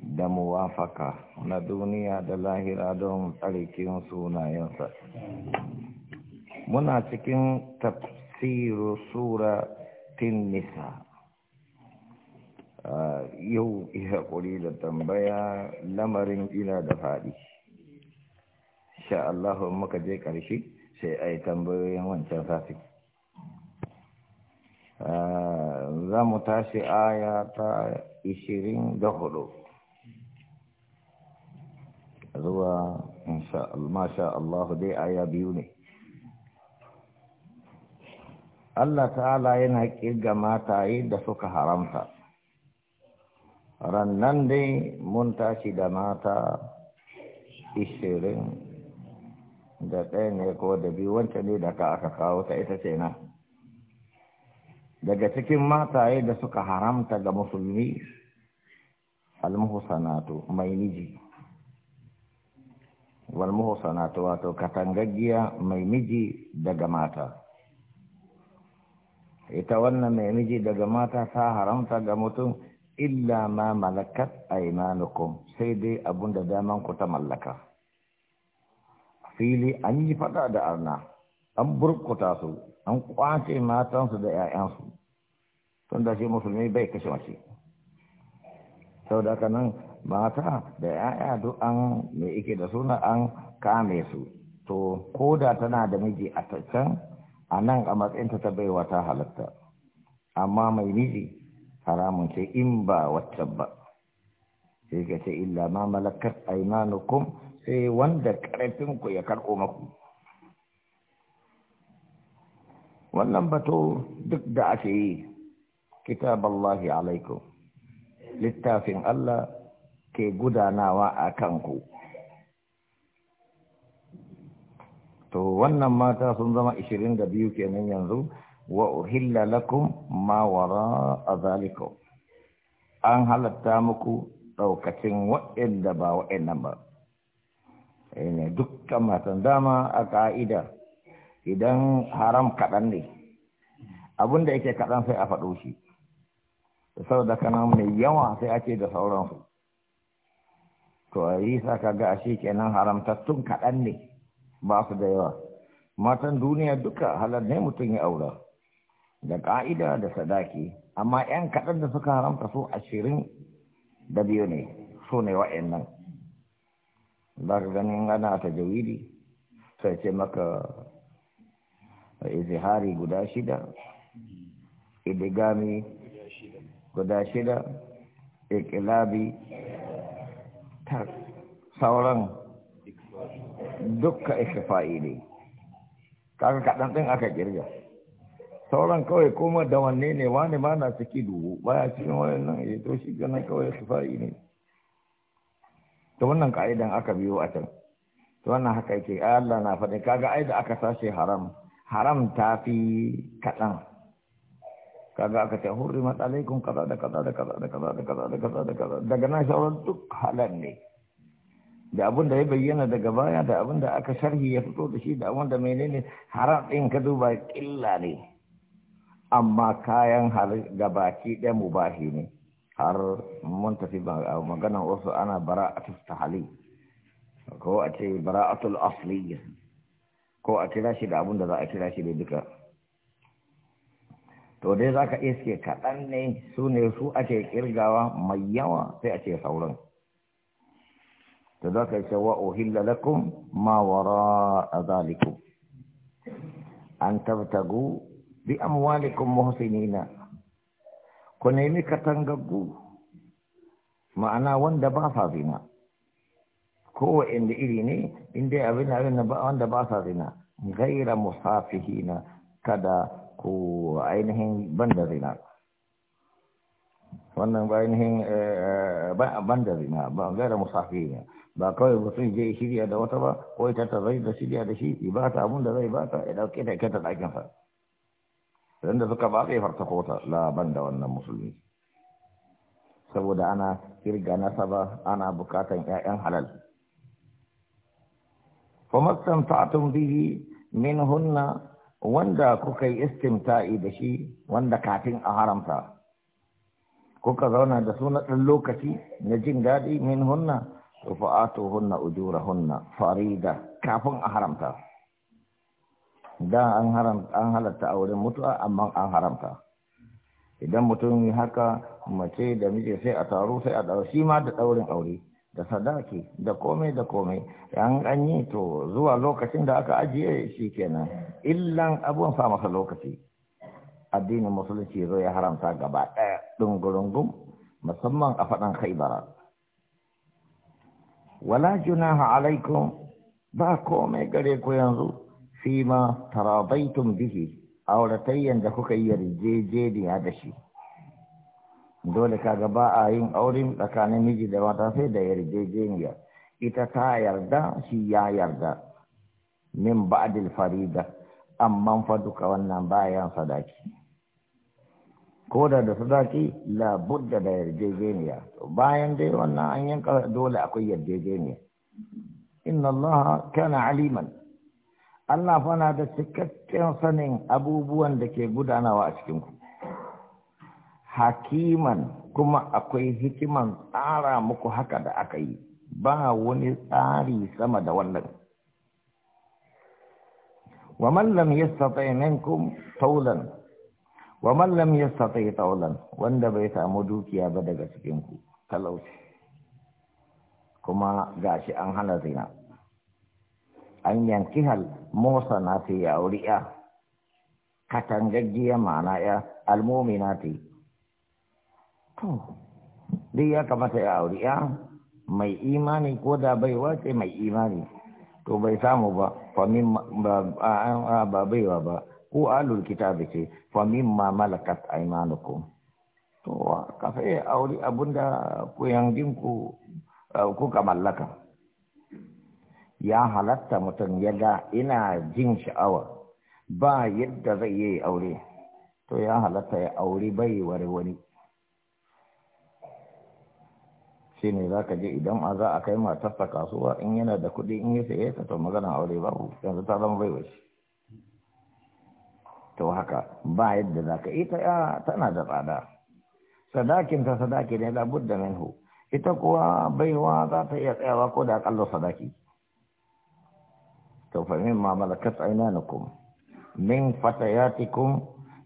da muwafaka na duniya da lahira don tsarikin sunayensa muna cikin tafsirin sura tin nisa Ah, yau iya haƙuri da tambaya lamarin ina da faɗi sha Allah muka je ƙarshe sai a yi tambayoyin wancan safi ah, za mu tashi aya ta 24 zuwa masha Allah dai aya biyu ne Allah ta'ala yana ƙirga mata da suka haramta rannan dai mun tashi da mata ishirin da ɗaya ne ko da biyu wancan ne da aka kawo ta ita ce na daga cikin mataye da suka haramta ga musulmi almuhusanatu mai miji walmuhusanatu wato katangaggiya mai miji daga mata ita wannan mai miji daga mata ta haramta ga mutum illa ma malakat aymanukum sai dai abun da daman ku ta mallaka fili an yi fada da arna an burkuta su an kwace matansu da 'ya'yansu tun da shi musulmi bai kashe mace sau da nan mata da 'ya'ya duk an mai ike da suna an kame su to ko da tana da miji a can a nan a matsayinta ta baiwa ta halatta amma mai miji haramun ce in ba wacce ba sai ka ce illa ma malakat aimanukum sai wanda ƙarfinku ya karɓo maku wannan bato duk da ake yi kitab Allah alaikum littafin Allah ke gudanawa a kanku to wannan mata sun zama 22 kenan yanzu wa uhilla lakum ma wara a zaliko an halatta muku ɗaukacin da ba nan ba ne dukkan matan dama a ka'ida idan haram kaɗan ne abin da yake kaɗan sai a faɗo shi sau da kanan mai yawa sai ake da su. to a yi sa ka a shi kenan haramtattun kaɗan ne ba su da yawa matan duniya duka halar ne mutum ya aura da ƙa'ida da sadaki amma yan kaɗan da suka haramta su ashirin da biyu ne su ne wa'annan ba ka ganin ana ta jawidi sai ce maka izihari guda shida idigami guda shida ikilabi sauran dukka ikifa'i ne kaga kaɗan ɗin aka ƙirga. sauran kawai kuma da wanne ne wani ma na ciki dubu baya cikin wayan nan ya eh, to shi ganin kawai su fa'i ne ta wannan ka'idan aka biyo a can ta wannan haka yake ai Allah na faɗi kaga ai da aka sashe haram haram ta fi kaɗan kaga aka ce hurrimat alaikum kaza da kaza da kaza da kaza da kaza da kaza da kaza daga nan sauran duk halan ne da abin da ya bayyana daga baya da abin da aka sharhi ya fito da shi da abin da menene haram ɗin ka duba ƙilla ne amma kayan har gabaki ɗaya mubahi ne har mun tafi maganan wasu ana bara'atul tahali ko a ce bara'atul asliya ko a kira shi da abin da za a kira shi da duka to dai za ka iske kaɗan ne su ne su ake kirgawa mai yawa sai a ce sauran to za ka wa uhilla lakum ma wara zalikum an tabtagu bi amwalikum muhsinina ku nemi katangaggu ma'ana wanda ba sa zina ko inda iri ne inda abin abin wanda ba sa zina gaira musafihina kada ku ainihin banda zina wannan ba ainihin eh, banda zina ba gaira musafihina ba kawai mutum je shirya da wata ba ko ita ta zai da shirya da shi ibata ta da zai bata ta ya dauke ta kai ta Yanda suka ba zai farta kota laban da wannan musulmi saboda ana kirga nasaba ana bukatan 'ya'yan halal famastan ta'atun bihi min hunna wanda kuka yi istimta'i da shi wanda kafin a haramta kuka zauna da suna ɗan lokaci na jin daɗi min hunna fa'atu hunna ujura hunna farida kafin a haramta da an haram an halatta auren mutuwa amma an haramta idan mutum haka mace da miji sai a taro sai a dawo shi ma da daurin aure da sadaki da komai da komai an an to zuwa lokacin da aka ajiye shi kenan illan abun sa masa lokaci addinin musulunci zo ya haramta gaba ɗaya ɗungurungum musamman a faɗan khaibara wala junaha alaikum ba komai gare ku yanzu فيما تراضيتم به auratayyan da kuka yi yarjejeniya da shi dole kaga ba a yin aure tsakanin miji da mata sai da yarjejeniya ita ta yarda shi ya yarda min ba'dil farida amma fa duka wannan bayan sadaki ko da da sadaki la budda da yarjejeniya bayan dai wannan an yanka dole akwai yarjejeniya inna allaha kana aliman Allah fana da cikakken sanin abubuwan da ke gudanawa a cikinku. Hakiman kuma akwai hikiman tsara muku haka da aka yi, ba wani tsari sama da wannan. Wa mallam ya satai minkum taulan, wa mallam ya taulan wanda bai samu dukiya ba daga cikinku, talauci, kuma gashi an hana zina. an yanki hal musa na fi ya wuri ya katangaggiya ya almomina to duk ya ya ya mai imani ko da bai wace mai imani to bai samu ba famin ba baiwa ba ko alul kitabi ce famin ma malakat aimanukum to kafa auri abunda ku yangin ku kuka ya halatta mutum ya ga ina jin sha'awa ba yadda zai yi aure to ya halatta ya aure bai wani shi ne za ka je idan a za a kai matarsa kasuwa in yana da kuɗi in yi saye ta to magana aure babu yanzu ta zama bai wace to haka ba yadda za ka ita ya tana da tsada sadakin ta sadaki ne labudda minhu ita kuwa baiwa za ta iya tsayawa ko da akalla sadaki to fa mimma malakat aymanukum min fatayatikum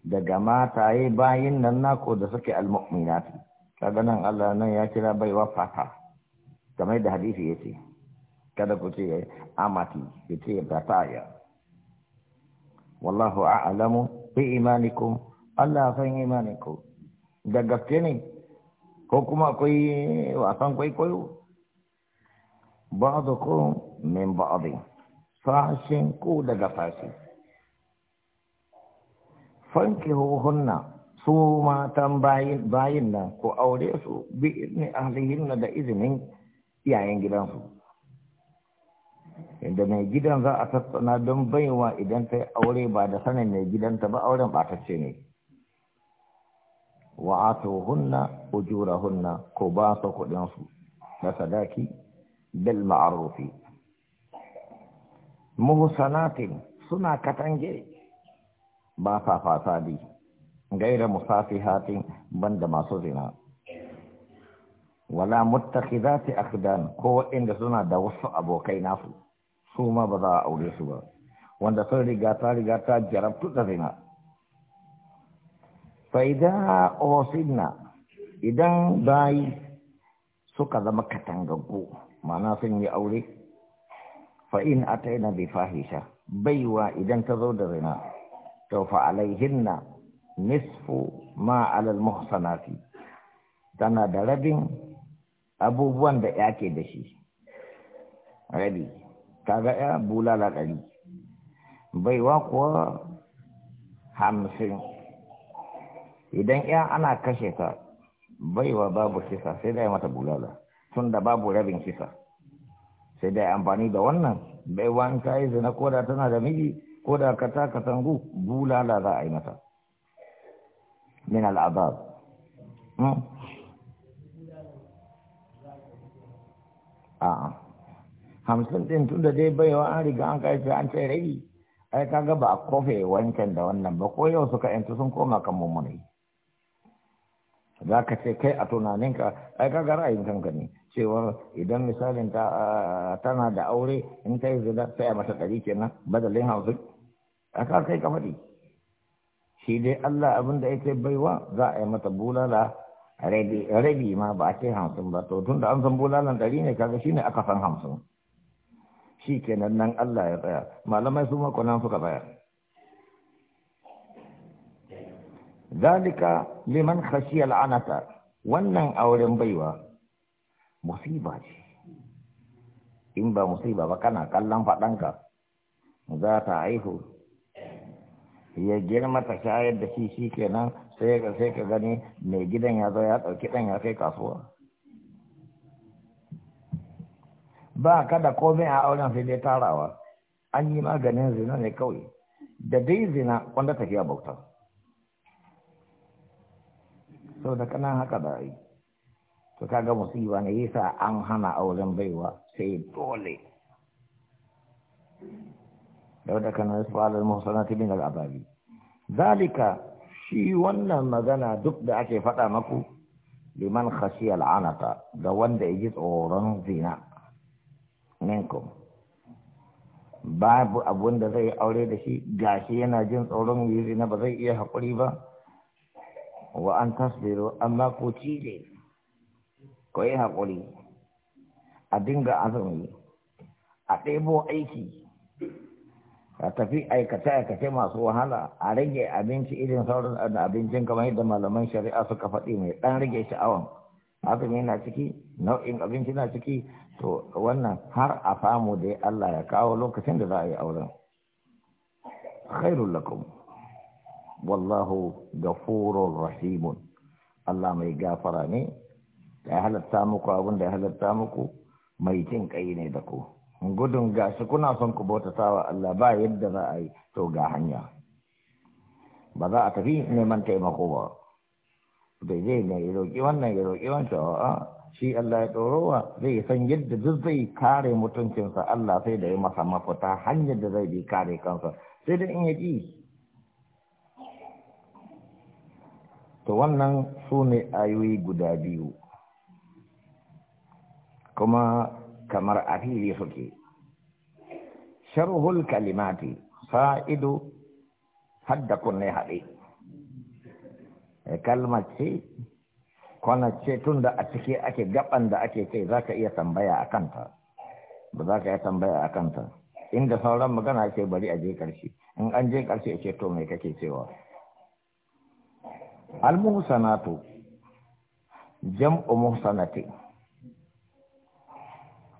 daga mataye bayin nan nako da suke almu'minat kaga nan Allah nan ya kira baiwa fata kamar da hadisi yace kada ku ce amati yace bataya wallahu a'lamu bi imanikum Allah san imanikum da gaske ne ko kuma akwai wasan kwaikwayo ba'dukum min ba'dhin fashin ko daga fashi fanki hunna su matan bayin nan ko aure su bi izini ahlihinna da izinin iyayen gidansu inda mai gidan za a tattauna don baiwa idan ta yi aure ba da sanin mai gidan ta ba auren ɓatacce ne wa hunna ujura hunna ko ba su kuɗinsu da sadaki bil ma'arufi muhsanatin suna katange ba sa fasadi gaira musafihatin banda masu zina wala muttakhidati akhdan ko inda suna da wasu abokai nasu su ma ba za a aure su ba wanda sun riga ta riga ta jarabtu da zina faida osinna idan bayi suka zama katangaggu ma'ana sun yi aure fa'in a ta yana bai fahisha baiwa idan ta zo da zina to fa'alaihin na nisfu ma'alal muhsanati tana da rabin abubuwan da ya ke da shi rabi ga ya bulala ɗari baiwa kuwa hamsin idan ya ana kashe ta baiwa babu kisa sai da ya mata bulala tun da babu rabin kisa sai dai amfani da wannan bai wanka yi zina ko da tana da miji ko da ka sangu bulala za a yi mata min al'adab hmm? a'a hamsin ɗin tun da dai baiwa an riga an kai an ce ra'i? ai ga ba a kofe wancan da wannan ba ko yau suka yanta sun koma kan mummuni za ka ce kai a tunaninka ai ka ga ra'ayin kanka ne cewa idan misalin ta tana da aure in kai zuba sai a mata ɗari kenan badalin hausin a kai ka faɗi shi dai Allah abin da yake baiwa za a yi mata bulala rabi ma ba a ce hamsin ba to tun da an san bulalan ɗari ne kaga shine aka san hamsin shi kenan nan Allah ya tsaya malamai su mako nan suka tsaya zalika liman khashiyal anata wannan auren baiwa musiba ce in ba musiba ba kana kallon faɗanka za ta haihu ya girma ta shayar da shi shi kenan sai ka gani mai gidan ya zo ya ɗauki ɗan ya kai kasuwa ba kada komai a auren sai dai tarawa an yi maganin zina ne kawai da dai zina wanda tafiya bauta sau da kanan haka da yi to kaga musiba ne yasa an hana auren baiwa sai dole da wadda kan nasu alal muhsanati min zalika shi wannan magana duk da ake faɗa maku liman khashi al'anata da wanda ya ji tsoron zina minkum babu abun da zai aure da shi gashi yana jin tsoron zina zina ba zai iya haƙuri ba wa an tasbiro amma ko ne ko yi haƙuri a dinga azumi a ɗebo aiki a tafi aikace-aikace masu wahala a rage abinci irin sauran abincin kamar yadda malaman shari'a suka faɗi mai ɗan rage sha'awan azumi na ciki nau'in abinci na ciki to wannan har a famu ya Allah ya kawo lokacin da za a yi auren khairul lakum wallahu gafurur rahimun Allah mai gafara ne ya halatta muku abin da ya halatta muku mai jin kai ne da ku gudun gashi kuna son ku bauta sawa Allah ba yadda za a yi to ga hanya ba za a tafi neman taimako ba da zai ne ya roƙi wannan ya roƙi wancan a shi Allah ya ɗorowa zai san yadda duk zai kare mutuncinsa Allah sai da ya masa mafita hanyar da zai bi kare kansa sai da in ya ƙi to wannan su ne ayoyi guda biyu kuma kamar a fili suke sharhul kalimati fa'ido hadda kunne haɗe eh, kalmar ce kwanar ce tun da a ciki ake gaban da ake ce za ka iya tambaya a kanta ba za ka iya tambaya a kanta inda sauran magana ce bari a je ƙarshe in an je ƙarshe ce to mai kake cewa al sanatu, jam'u muhsanatin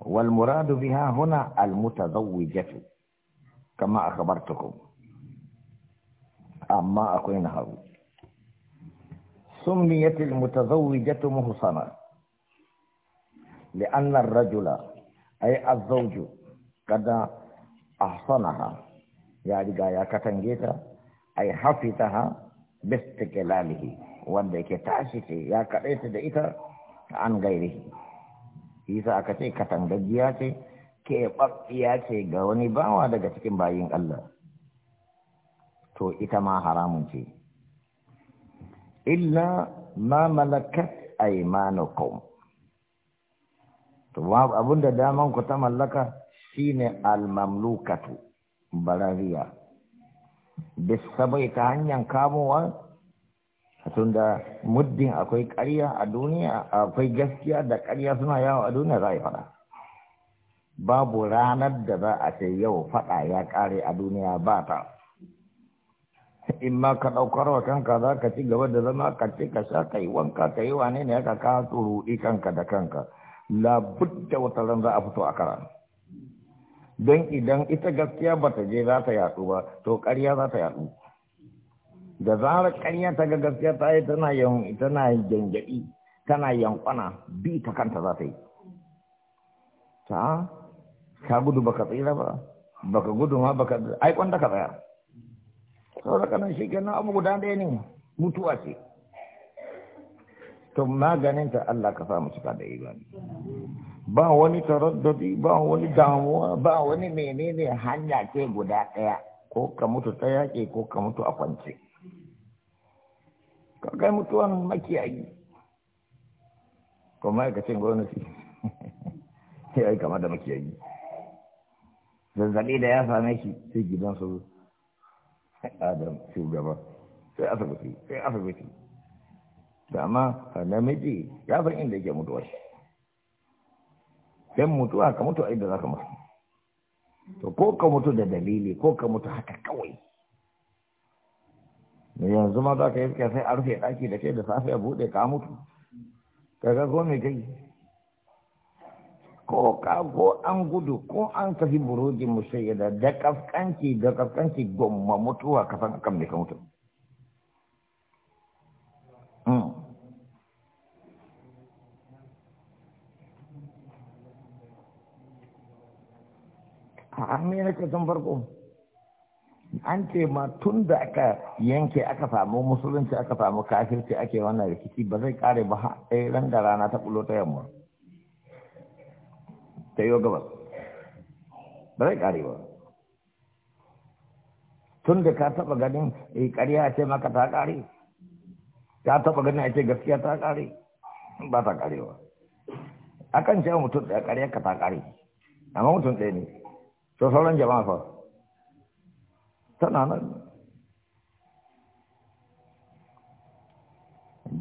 والمراد بها هنا المتزوجة كما أخبرتكم أما أكوينها سميت المتزوجة مهصنة لأن الرجل أي الزوج قد أحصنها يعني قايا كتنجيتا أي حفظها باستقلاله وانده كتاشتي يا كريت دئتا عن غيره isa aka ce katangajiya ce keɓaɓɓiya ce ga wani bawa daga cikin bayin Allah to ita ma haramun ce illa ma malakat aymanukum to abinda daman ku ta mallaka shine almamlukatu barariya bisabai ta hanyar kamowa tunda muddin akwai karya a duniya akwai gaskiya da karya suna yawo a duniya za a yi faɗa babu ranar da za a ce yau faɗa ya ƙare a duniya ba ta in ma ka ɗaukar wa kanka za ka ci gaba da zama ka ce ka sha ka yi wanka ka yi wane ne ka ka tsuruɗi kanka da kanka da wata ran za a fito a kara don idan ita gaskiya ba ta je za ta yaɗu ba to ƙarya za ta yaɗu da zarar ƙarya ta ga gaskiya ta yi tana yawan tana gyangyaɗi tana yankwana bi ta kanta za ta yi ta ka gudu baka tsira ba baka gudu ma baka ai kwanda ka tsaya da kanan shi kenan abu guda ɗaya ne mutuwa ce to maganin ta Allah ka sa suka da imani ba wani taraddadi ba wani damuwa ba wani menene hanya ce guda ɗaya ko ka mutu ta ke, ko ka mutu a kwance kai mutuwan makiyayi ko ma'aikacin gwamnati ya yi kama da makiyayi zazzaɓi da ya same shi sai gidan su adam shugaba sai asibiti sai asibiti da amma namiji ya san inda yake mutuwa shi sai mutuwa ka mutu a inda za ka mutu to ko ka mutu da dalili ko ka mutu haka kawai ne yanzu ma za ka yi sai arfe rufe ɗaki da ke da safe a buɗe ka mutu kaga ko me kai ko ka ko an gudu ko an kafi burodi musayyada da kafkanci da kafkanci gomma mutuwa kafan akan da ka mutu hmm. Amina me nake tun farko an ce ma tun da aka yanke aka samu musulunci aka samu kafirci ake wannan rikici ba zai kare ba sai ran da rana ta bulo ta yamma ta yi gabas ba zai kare ba tun da ka taba ganin eh, ƙarya a ce maka ta kare ka taba ganin a ce gaskiya ta kare ba ta ba. akan ce mutum da ƙarya ka ta kare amma mutum ɗaya ne to sauran jama'a fa tana nan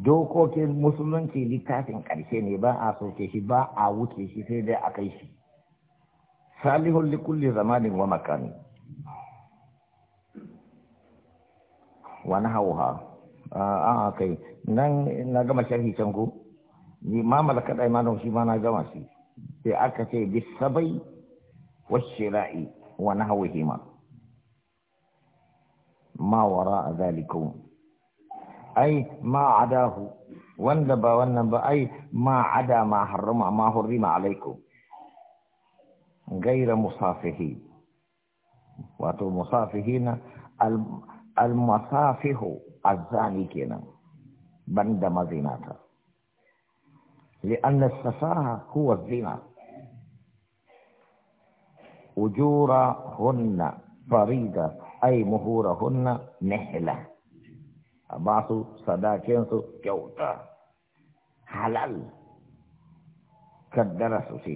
dokokin musulunci littafin ƙarshe ne ba a soke shi ba a wuce shi sai dai a kai shi salihun likulli zamanin wa makani wani hauha a kai nan na gama sharhi can ko ni ma malaka da imanin shi ma na gama shi sai aka ce bisabai wasu shira'i wani hauhima ما وراء ذلكم أي ما عداه وانبا وانبا أي ما عدا ما حرم ما حرم عليكم غير مصافحين واتو مصافحين المصافح الزاني كنا بند مزيناتا لأن السفاهة هو الزنا أجورهن فريدة ai muhurahunna nihla a ba su sadakinsu kyauta halal kaddara su ce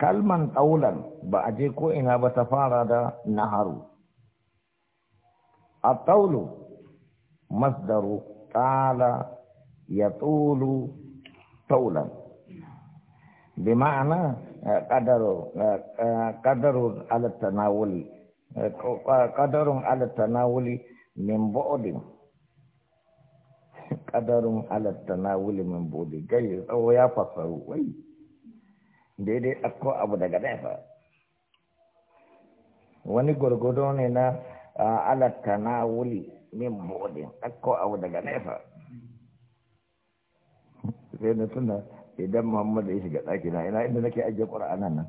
kalman ɗaulan ba a je ko ina ba ta fara da naharu a taulu masdaru ƙala ya tsulu taulan bi ma'ana قدر قدر على التناول قدر على التناول من بعد قدر على daidai ɗauko abu daga ɗaya wani gwargwado ne na alatta na wuli min bodin ɗauko abu daga ɗaya sai idan Muhammad ya shiga ɗaki na ina inda nake ajiye Qur'anan nan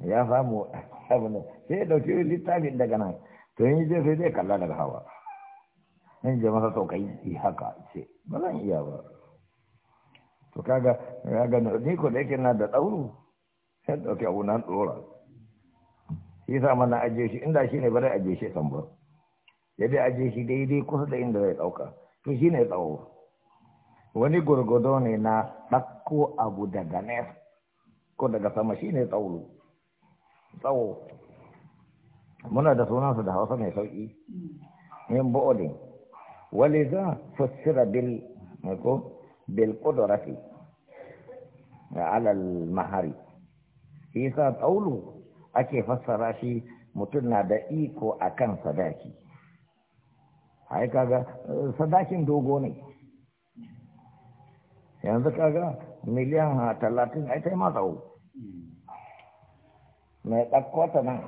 ya samu abin sai ya littafin daga nan to yin je sai zai kalla daga hawa in je masa saukai yi haka ce ba zan iya ba to kaga kaga ni ko da yake na da ɗauru sai dauki abu nan ɗora shi sa mana ajiye shi inda shi ne ba zai ajiye shi san ba ya dai ajiye shi daidai kusa da inda zai ɗauka to shi ne tsawo wani gurgudo ne na ɗakko abu daga nes ko daga sama shi ne tsawo tsawo muna da sunansu da hausa mai sauƙi yin bu'odin wale za fassira bil ko bil ƙudurafi alal mahari shi sa tsaulu ake fassara shi mutum na da iko a kan sadaki ai kaga eh, sadakin dogo ne yanzu kaga miliyan talatin ai yi ma tsawo mai ɗauko ta nan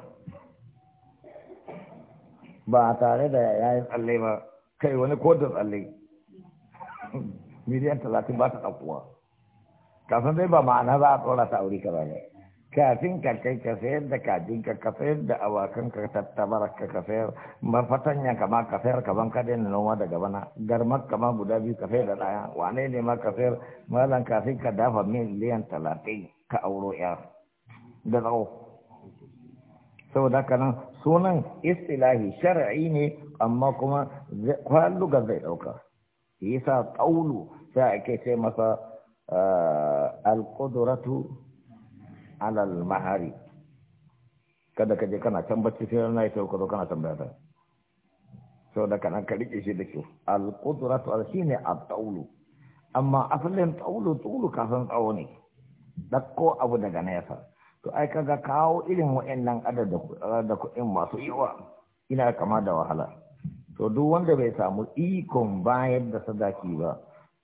ba tare da yi tsalle ba kai wani kodin tsalle miliyan talatin ba ta ɗakkuwa kasan dai ba ma'ana za a tsorata ta wuri ka ba ne kafin ka kai ka sayar da kafin ka sayar da awakan ka tattabar ka ka sayar yanka ma ka sayar ban ka daina noma daga bana garmar kama guda biyu ka sayar da ɗaya wane ne ma ka sayar malam kafin ka dafa miliyan talatin ka auro ya da tsawo saboda haka nan sunan istilahi shar'i ne amma kuma ga zai ɗauka yasa ƙaulu sai ake ce masa eh, alƙuduratu alal mahari kada ka je kana can bacci sai na yi sauka kana tambaya ta sau da kana ka rike shi da kyau al-qudratu al-shine al taulu amma asalin taulu tulu ka san tsawo ne dakko abu daga nesa to ai kaga kawo irin wa'annan adadin da kuɗin masu yawa ina kama da wahala to duk wanda bai samu ikon bayar da sadaki ba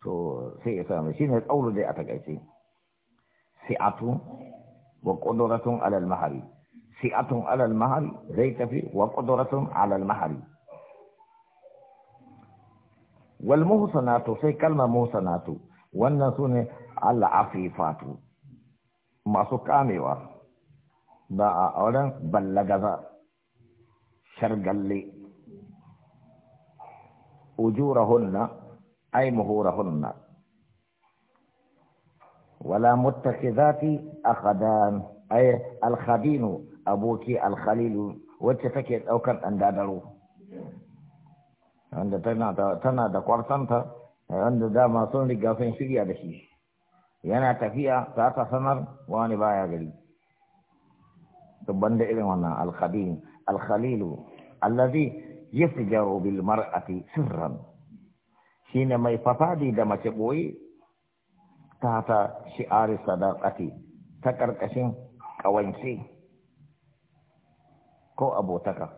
to sai ya samu shine tsaulu dai a takaice sai atu وقدرة على المهر سئة على المهر زي في وقدرة على المهر والمحصنات سي كلمة محصنات والنسون العفيفات ما سكامي وار باء أولا بلغذا شرقلي أجورهن أي مهورهن ولا متخذات أخدان أي الخدين أبوك الخليل وتفكر ɗaukar كان أندادرو عند تنا تنا دا قرطنتا عند دا ما صن لقافين شريا دشي yana tafiya za ta sanar wani baya gari dubban da irin wannan alkhalil alkhalilu allazi yafjaru bil mar'ati sirran shine mai fafadi da mace boye ta ta shi'ari sadaƙati ta ƙarƙashin ƙawance ko abotaka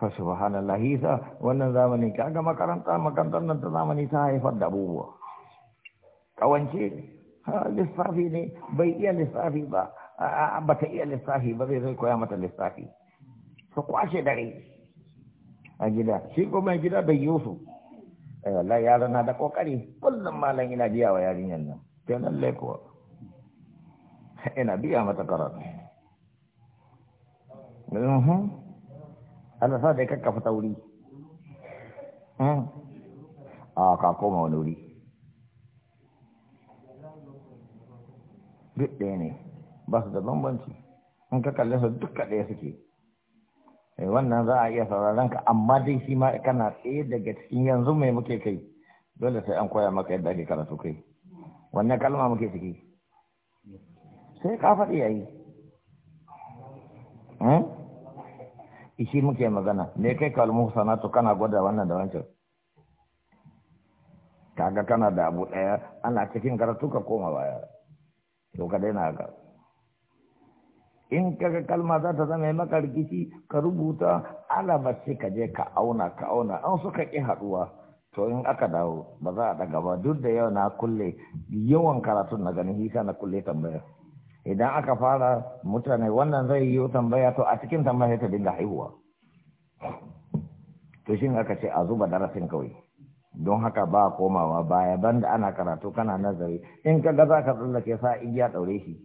ba subhanallah lahisa wannan zamani kaga makaranta makarantar nan ta zamani ta haifar da abubuwa ƙawance lissafi ne bai iya lissafi ba ba ta iya lissafi ba zai zai koya mata lissafi Ta kwashe dare a gida shi kuma gida bai yi wasu. sai wallahi yaron na da kokari kullum malam ina biya wa yarinyar nan sai lallai kuwa ina biya mata karatu mhm. ana sa da kakka fita wuri mhm. a ka koma wani wuri duk ɗaya ne ba su da bambanci in ka kalle su duka ɗaya suke Eh, wannan za a iya sauraron ka amma dai shi ma kana tsaye daga cikin yanzu mai muke kai dole sai an koya maka yadda ake karatu kai wannan kalma muke ciki sai ka faɗi yi hmm? ishi muke magana ne kai kalmu sanatu kana gwada wannan da wancan kaga kana da abu ɗaya ana cikin karatu ka koma baya to ka daina haka in kaga kalma za ta zama maka rikici ka rubuta sai ka je ka auna ka auna an suka ƙi haɗuwa to in aka dawo ba za a ɗaga ba duk da yau na kulle yawan karatu na ganin hisa na kulle tambaya idan aka fara mutane wannan zai yi tambaya to a cikin tambaya ta dinga haihuwa to shin aka ce a zuba darasin kawai don haka ba komawa baya banda ana karatu kana nazari in kaga za ka tsallake sa igiya ɗaure shi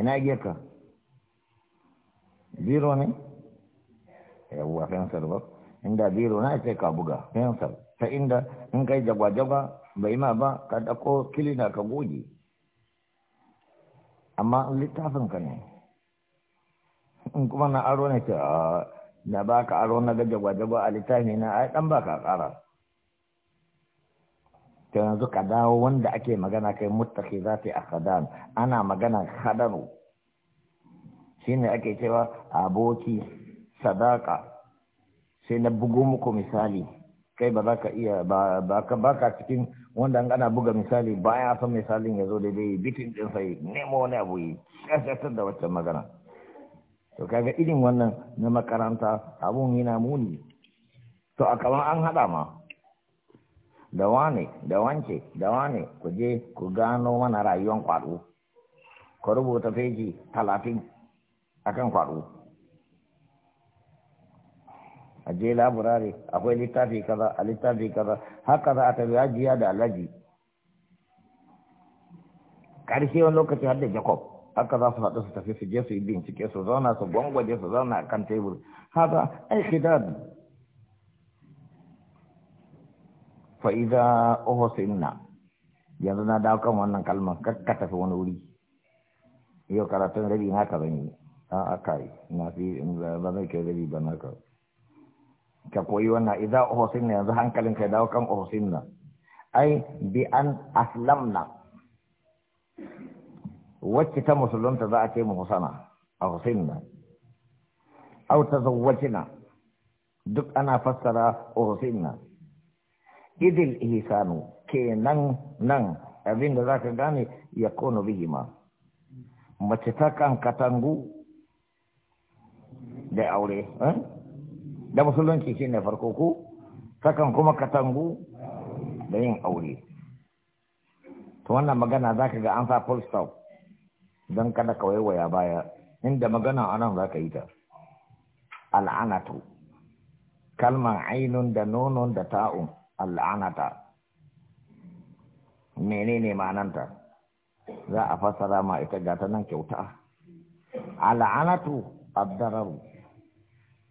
ina ka biro ne yawwa fensar ba inda biro na ce ka buga fensar ta inda in kai jagwa-jagwa bai ma ba ka dako kilina ka goge amma littafin ka ne in kuma na aro ne ce ah, na ba ka aro na ga jagwa-jagwa a littafi na ai dan ba ka kara ta yanzu ka dawo wanda ake magana kai muttaki za ta yi a khadan ana magana khadanu ne ake cewa aboki sadaka sai na bugu muku misali kai ba za ka iya ba ka cikin wanda an gana buga misali baya san misalin ya zo daidai bitin din sai nemo wani abu yi kasatar da wacce magana to ga irin wannan na makaranta abun yana muni to a kaman an hada ma da wane da wance da wane ku je ku gano mana rayuwan kwaɗo ku rubuta feji talatin a kan kwaɗo a je laburare akwai littafi kaza a littafi kaza haka za a tafi ajiya da alaji ƙarshe wani lokaci har da jacob haka za su haɗu su tafi su je su yi bincike su zauna su gwangwaje su zauna a kan tebur haka ai khidar fa'iza ohosinna yanzu na dawo kan wannan kalmar ka tafi wani wuri yau karatun rabi na ka zan yi a ah, akai na fi ba zai kai rabi ba na ka ka koyi wannan iza ohosinna yanzu hankalin ka dawo kan ohosinna ai bi an aslamna wacce ta musulunta za a ce mu husana a husinna au tazawwajina duk ana fassara ohosinna idil ihsanu kenan nan abin da zaka gane ya kono bihima mace ta kan katangu da aure eh? da musulunci shine farko ku ta kan kuma katangu da yin aure to wannan magana zaka ga an fa full stop dan kada ka waiwaya baya inda magana anan zaka yi ta al'anatu kalman ainun da nonon da ta'un al'anata menene ma'ananta za a fassara ma ita gata nan kyauta al'anatu addararu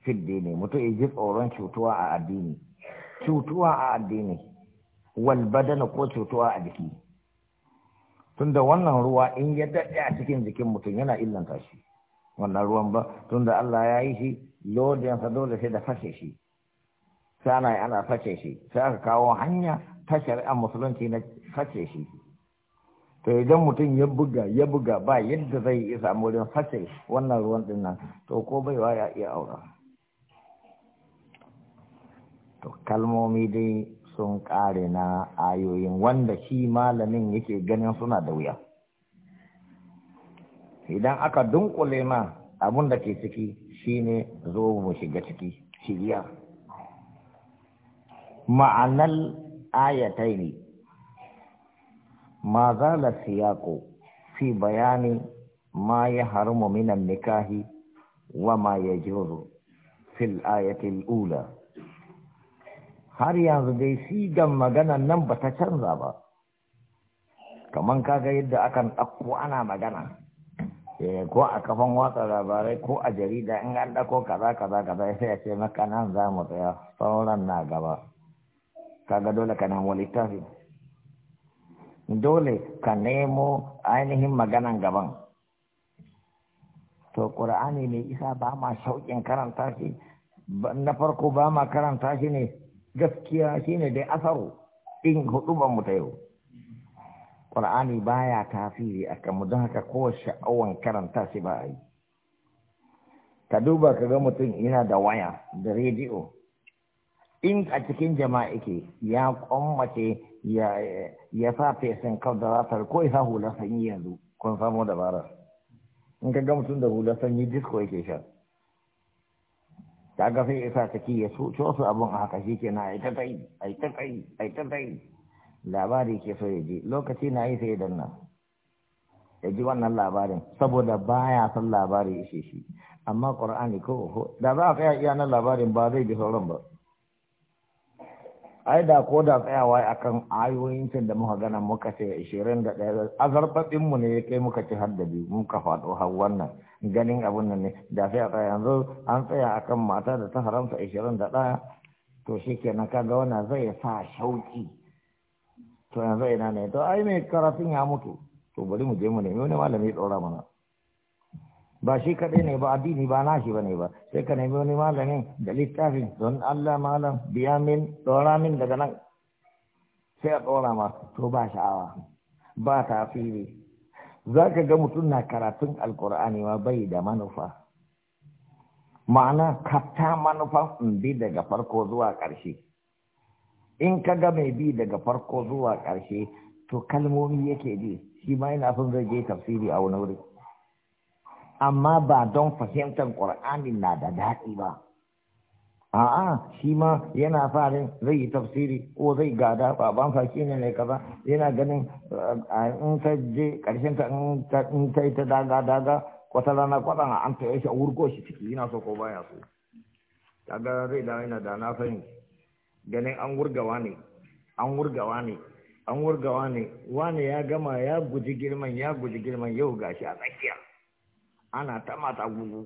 fidde ne mutu, ya tsoron cutuwa a addini cutuwa a addini wal ko cutuwa a jiki tunda wannan ruwa in ya daɗe a cikin jikin mutum yana illanta shi wannan ruwan ba tunda Allah ya yi shi lodinsa dole sai da fashe shi sana ana face shi sai aka kawo hanya ta shari'ar musulunci na fashe shi to idan mutum ya buga ya buga ba yadda zai iya samu wurin face wannan ruwan din nan to ko baiwa ya iya aura to kalmomi dai sun kare na ayoyin wanda shi malamin yake ganin suna da wuya idan aka dunkule ma abin da ke ciki shine zo mu shiga ciki shiriya ma'anar ayatai ne ma zala siyaƙo fi bayani ma ya haramu minan nikahi wa ma ya jiro fil ayatil ula har yanzu dai sigan maganan nan ba ta canza ba kaman kaga yadda akan ɗauko ana magana eh, ko a kafan watsa labarai ko a jarida in an ɗauko kaza kaza kaza sai a ce maka nan za mu tsaya sauran na gaba kaga dole ka nemo littafi dole ka nemo ainihin maganan gaban to ƙur'ani mai isa ba ma shauƙin karanta shi na farko ba ma karanta shi ne gaskiya shi ne dai asaru ɗin hudu ban mu ta yau ƙur'ani baya tasiri a kanmu don haka ko sha'awan karanta shi ba a yi ka duba ka ga mutum yana da waya da rediyo in a cikin jama'a ke ya kwammace ya sa fesin kan da ta ko ya sa hular sanyi yanzu kun samu dabarar in ka ga mutum da hular sanyi disko yake sha kaga sai ya sa ciki ya so su abun a haka shi ke na aita tsayi aita labari ke so ya ji lokaci na yi sai nan ya ji wannan labarin saboda baya son labari ishe shi amma ƙwar'ani ko da za a tsaya iya na labarin ba zai bi sauran ba ai da ko da tsayawa akan ayoyin can da muka gana muka ce 21 azarfafin mu ne ya kai muka ci har da biyu muka faɗo har wannan ganin abun nan ne da sai a tsaya yanzu an tsaya akan mata da ta haramta ishirin da ɗaya to na kaga wana zai sa shauki to yanzu ina ne to ai mai karatun ya mutu to bari mu je mu nemi wani malami ya ɗora mana ba shi kaɗai ne ba addini ba nashi ba ne ba sai ka nemi wani malami da littafin don Allah malam biya min ɗora min daga nan sai a ɗora ma to ba sha'awa ba tasiri. za ka ga mutum na karatun alkur'ani ma bai da manufa ma'ana kafta manufa in bi daga farko zuwa ƙarshe in ka ga mai bi daga farko zuwa ƙarshe to kalmomi yake ji shi ma ina son zai je tafsiri a wani wuri amma ba don fahimtar ƙur'anin na da daɗi ba a'a shi ma yana farin zai yi tafsiri ko zai gada baban faki ne mai kaza yana ganin eh, in ta je ƙarshen ta in ta yi ta daga daga kwata rana a an ta yi a wurgo shi ciki yana so ko baya so kaga zai da yana da na fahimci ganin an wurgawa ne an wurgawa ne an wurgawa ne wane ya gama ya guji girman ya guji girman yau gashi a tsakiya ana ta mata gudu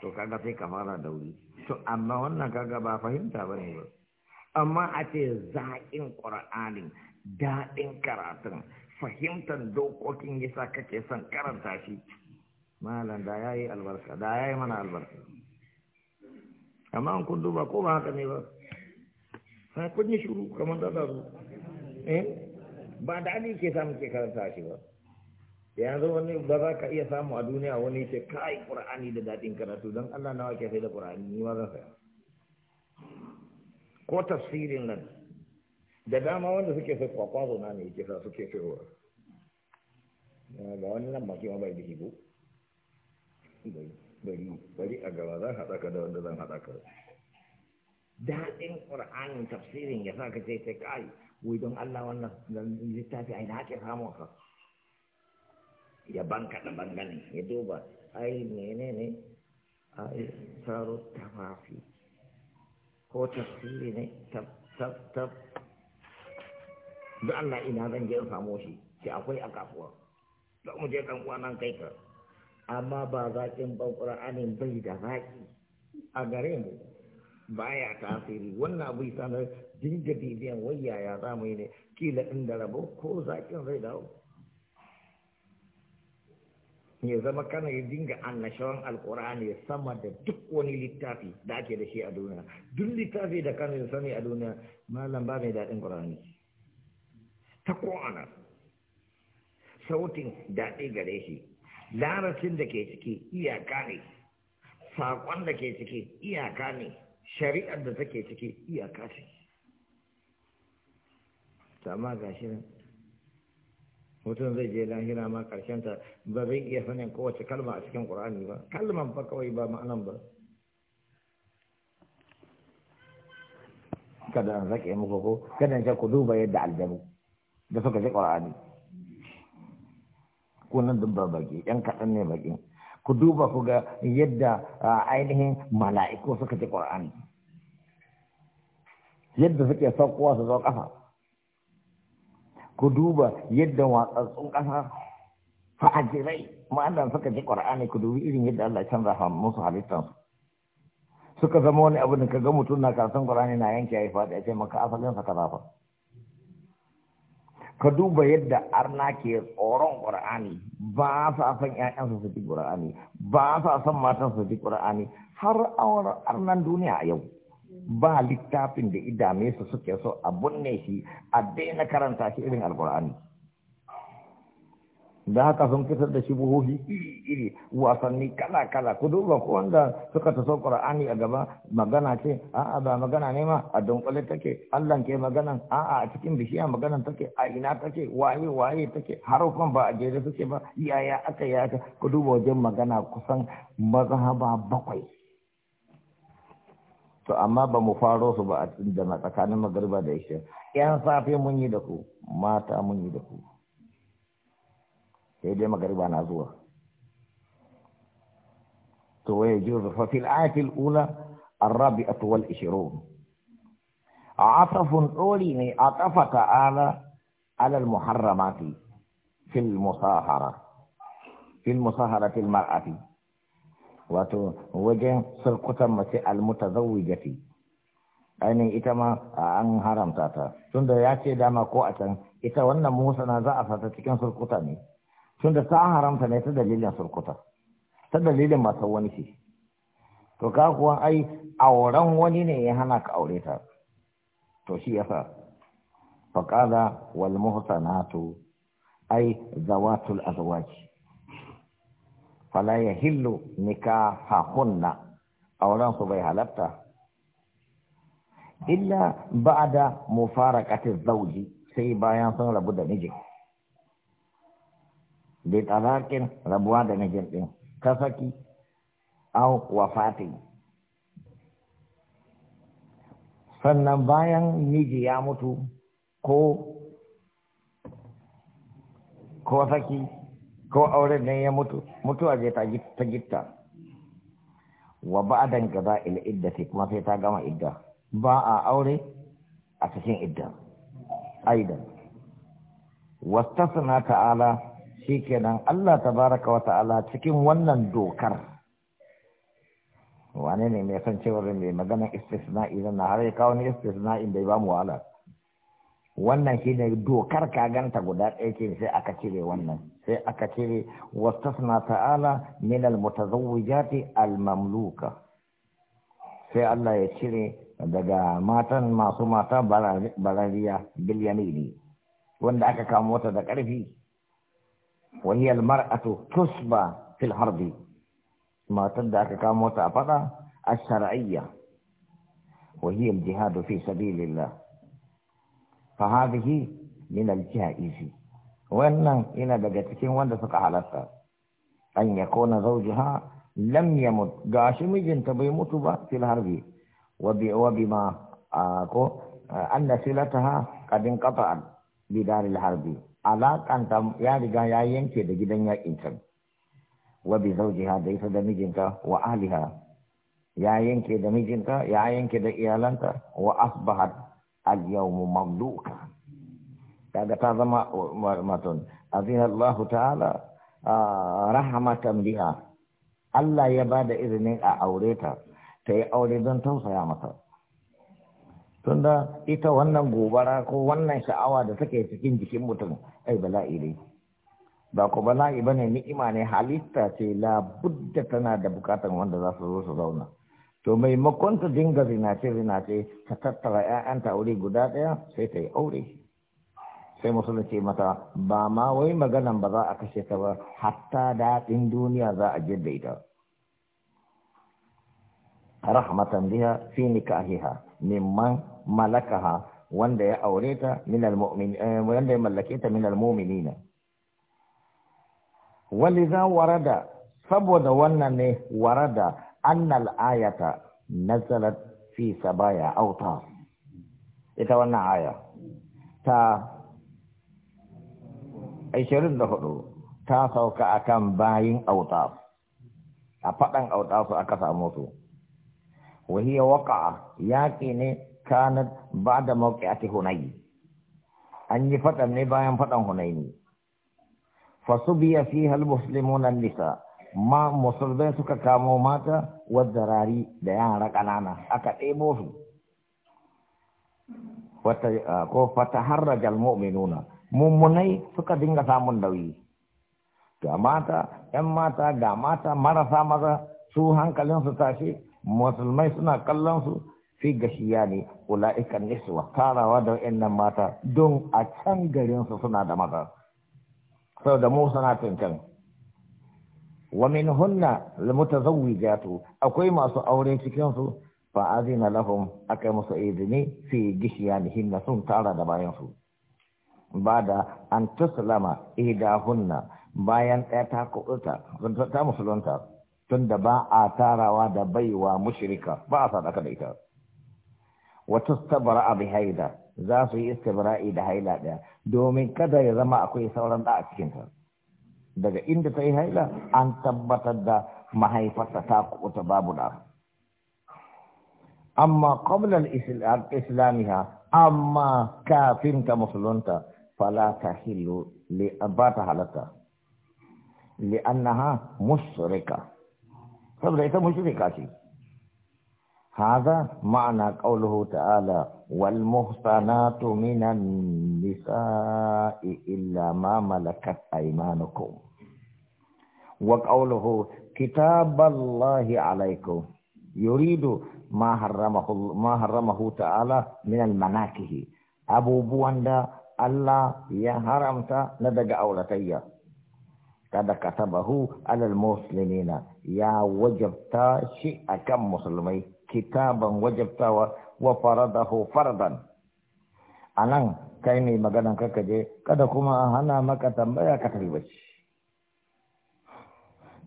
to kaga sai ka fara da wuri to amma wannan kaga ba fahimta ba ne ba amma a ce zaƙin ƙur'anin daɗin karatun fahimtar dokokin yasa kake son karanta shi malam da ya yi albarka da ya yi mana albarka amma an kun duba ko ba haka ne ba sai kun yi shuru kamar da zaru eh ba da ke samu ke karanta shi ba yanzu wani ba za ka iya samu a duniya wani ce kai qur'ani da daɗin karatu don Allah nawa ke sai da qur'ani ni ma zan saya ko tafsirin nan da dama wanda suke sai kwakwazo na ne yake sa suke wa. ga wani nan baki ma bai da hibo bari bari a gaba zan haɗa ka da wanda zan haɗa ka daɗin qur'anin tafsirin ya sa ka ce kai wai don Allah wannan littafi ai na ake samu ka ya banka da bangane ya duba ai menene a tsaro mafi ko tafsiri ne tab tab tab da Allah ina zan je samu shi ki akwai a kasuwa da mu je kan kwanan kai ka amma ba zaƙin ban ƙura'anin bai da zaƙi a gare mu baya tasiri wannan abu sanar dinga bibiyan wayya ya za mu yi ne kila inda rabo ko zaƙin zai dawo ya zama kana ya dinga annashawan alkur'ani sama da duk wani littafi da ake da shi a duniya duk littafi da kana ya sani a duniya malam ba mai daɗin ƙur'ani ta ko'ana sautin daɗe gare shi larasin da ke ciki iyaka ne saƙon da ke ciki iyaka ne shari'ar da take ciki iyaka ce sama ga shirin mutum zai je lahira ma karshen ta ba zai iya sanin kowace kalma a cikin qur'ani ba kalman ba kawai ba ma'anan ba kada an zake muku ko kada ce ku duba yadda aljanu da suka ji qur'ani ko nan dubba baki yan kaɗan ne baki ku duba ku ga yadda ainihin mala'iku suka ji qur'ani yadda suke saukowa su zo kafa ku duba yadda watsatsun ƙasa fajirai ma'adan suka ji ƙwar'ani ku dubi irin yadda Allah canza musu halittansu suka zama wani abu da ka ga mutum na karatun ƙwar'ani na yanke ya faɗi a ce maka asalin sa kaza ka duba yadda arna ke tsoron ƙwar'ani ba sa son ƴaƴansu su ji ƙwar'ani ba sa son matan su ji ƙwar'ani har auren arnan duniya a yau ba littafin da idame su suke so a bunne shi a daina karanta shi irin alkur'ani da haka sun fitar da shi buhuhi iri wasanni kala kala ku duba ko wanda suka ta so qur'ani a gaba magana ce a'a ba magana ne ma a dunkule take Allah ke magana a'a a cikin bishiya magana take a ina take waye waye take harufan ba a jere suke ba yaya aka yaka ku duba wajen magana kusan mazhaba bakwai to amma ba mu faro su ba a da na tsakanin magarba da ishe yan safe mun yi da ku mata mun yi da ku sai dai magarba na zuwa to waye juzu fa fil ayati ayatil ula uli والعشرون عطف أولي ala al muharramati fil musahara fil في المصاهرة mar'ati wato wajen surkutan mace almuta almutazawwijati ainihin ita ma an haramta ta tunda ya ce dama ko a can ita wannan musa na za a fata cikin surkuta ne tunda ta haramta ne ta dalilin surkuta ta dalilin masu wani ce to ka kuwa ai auren wani ne ya hana ka aure ta to shi yasa faqala wal muhsanatu ai zawatul azwaji fala ya hillu nikahahunna auren su bai halatta illa ba'da mufaraqati zawji sai bayan sun rabu da mijin da rabuwa da mijin din kasaki au wafati sannan bayan miji ya mutu ko ko saki ko aure ne ya mutu mutuwa je ta gitta wa ba'dan gaba ila iddati kuma sai ta gama idda ba a aure a cikin idda aidan wastasna ta'ala shikenan Allah tabaaraka wa ta'ala cikin wannan dokar wane ne mai san cewa mai maganar idan na? har ya kawo ni istisna'in bai ba mu wahala wannan shi ne dokar kaganta guda ɗaya ce sai aka cire wannan sai aka cire wastasna ta'ala min almutazawwijati almamluka sai Allah ya cire daga matan masu mata barariya bilyamini wanda aka kamo ta da ƙarfi wani almar'atu tusba fil harbi matan da aka kamo ta a fada a shar'iyya wa hiya al-jihadu fi sabilillah fahadihi min al wannan ina daga cikin wanda suka halarta an ya kona zaujaha lam ya mut gashi mijinta bai mutu ba fil harbi wa ma ko anna silataha kad in qata'a bi al harbi ala kan ta ya riga ya yanke da gidan yakin ta wa zaujaha da ita da mijin wa ahliha ya yanke da mijin ya yanke da iyalanta wa asbahat al mamluka kaga ta zama matun azina Allah ta'ala rahmatan biha Allah ya bada izinin a aure ta ta yi aure don tausaya mata tunda ita wannan gobara ko wannan sha'awa da take cikin jikin mutum ai bala'i dai ba ku bala'i bane ni'ima ne halitta ce la budda tana da bukatan wanda za su zo su zauna to maimakon ta dinga zinace-zinace ta tattara 'ya'yanta aure guda ɗaya sai ta yi aure sai musulunci mata ba ma wai maganan ba za a kashe ta ba hatta daɗin duniya za a jin da ita rahmatan biya fi nikahiha mimman malakaha wanda ya aure ta min eh, wanda ya mallake ta warada saboda wannan ne warada annal ayata nazalat fi sabaya auta ita wannan aya ta 24 ta sauka akan bayin auta a faɗan auta su aka samu su wahiya waka yaƙi ne kanat ba da ake hunayi an yi faɗan ne bayan faɗan hunayi biya fi hal nisa ma musulmai suka kamo mata wadda rari da yara ƙanana aka ɗebo su ko fata jalmo mai nuna, mummunai suka dinga samun nauyi ga mata ‘yan mata ga mata marasa maza su hankalinsu tashi musulmai suna kallon su fi gashiya ne ula'ikan niswa tarawa da wa'annan mata don a can garinsu suna da maza sau da mu suna cancan wa minhunna almutazawwijatu akwai masu aure cikin a zina azina aka akai musu izini fi hinna sun tara da bayansu. Ba bada an tuslama hunna, bayan ɗaya ta kuɗuta ta musulunta tunda ba a tarawa da baiwa mushirika ba a sadaka da ita wa tustabra bi haida za su yi istibra'i da haila ɗaya domin kada ya zama akwai sauran da a cikinta. daga inda ta yi haila an tabbatar da mahaifarta ta kuɓuta babu da amma qabla islamiha amma kafin ta musulunta fala ta hillu li ba ta halatta li annaha mushrika saboda ita mushrika ce هذا معنى قوله تعالى والمحصنات من النساء إلا ما ملكت أيمانكم وقوله كتاب الله عليكم يريد ما حرمه ما حرمه تعالى من المناكه أبو بواندا الله يا حرمت ندق أولتيا قد كتبه على المسلمين يا وجبتا شيء كم مسلمين kitaban wajabtawa wa faradahu faradan anan kai ne maganan kaka je kada kuma an hana maka tambaya ka tafi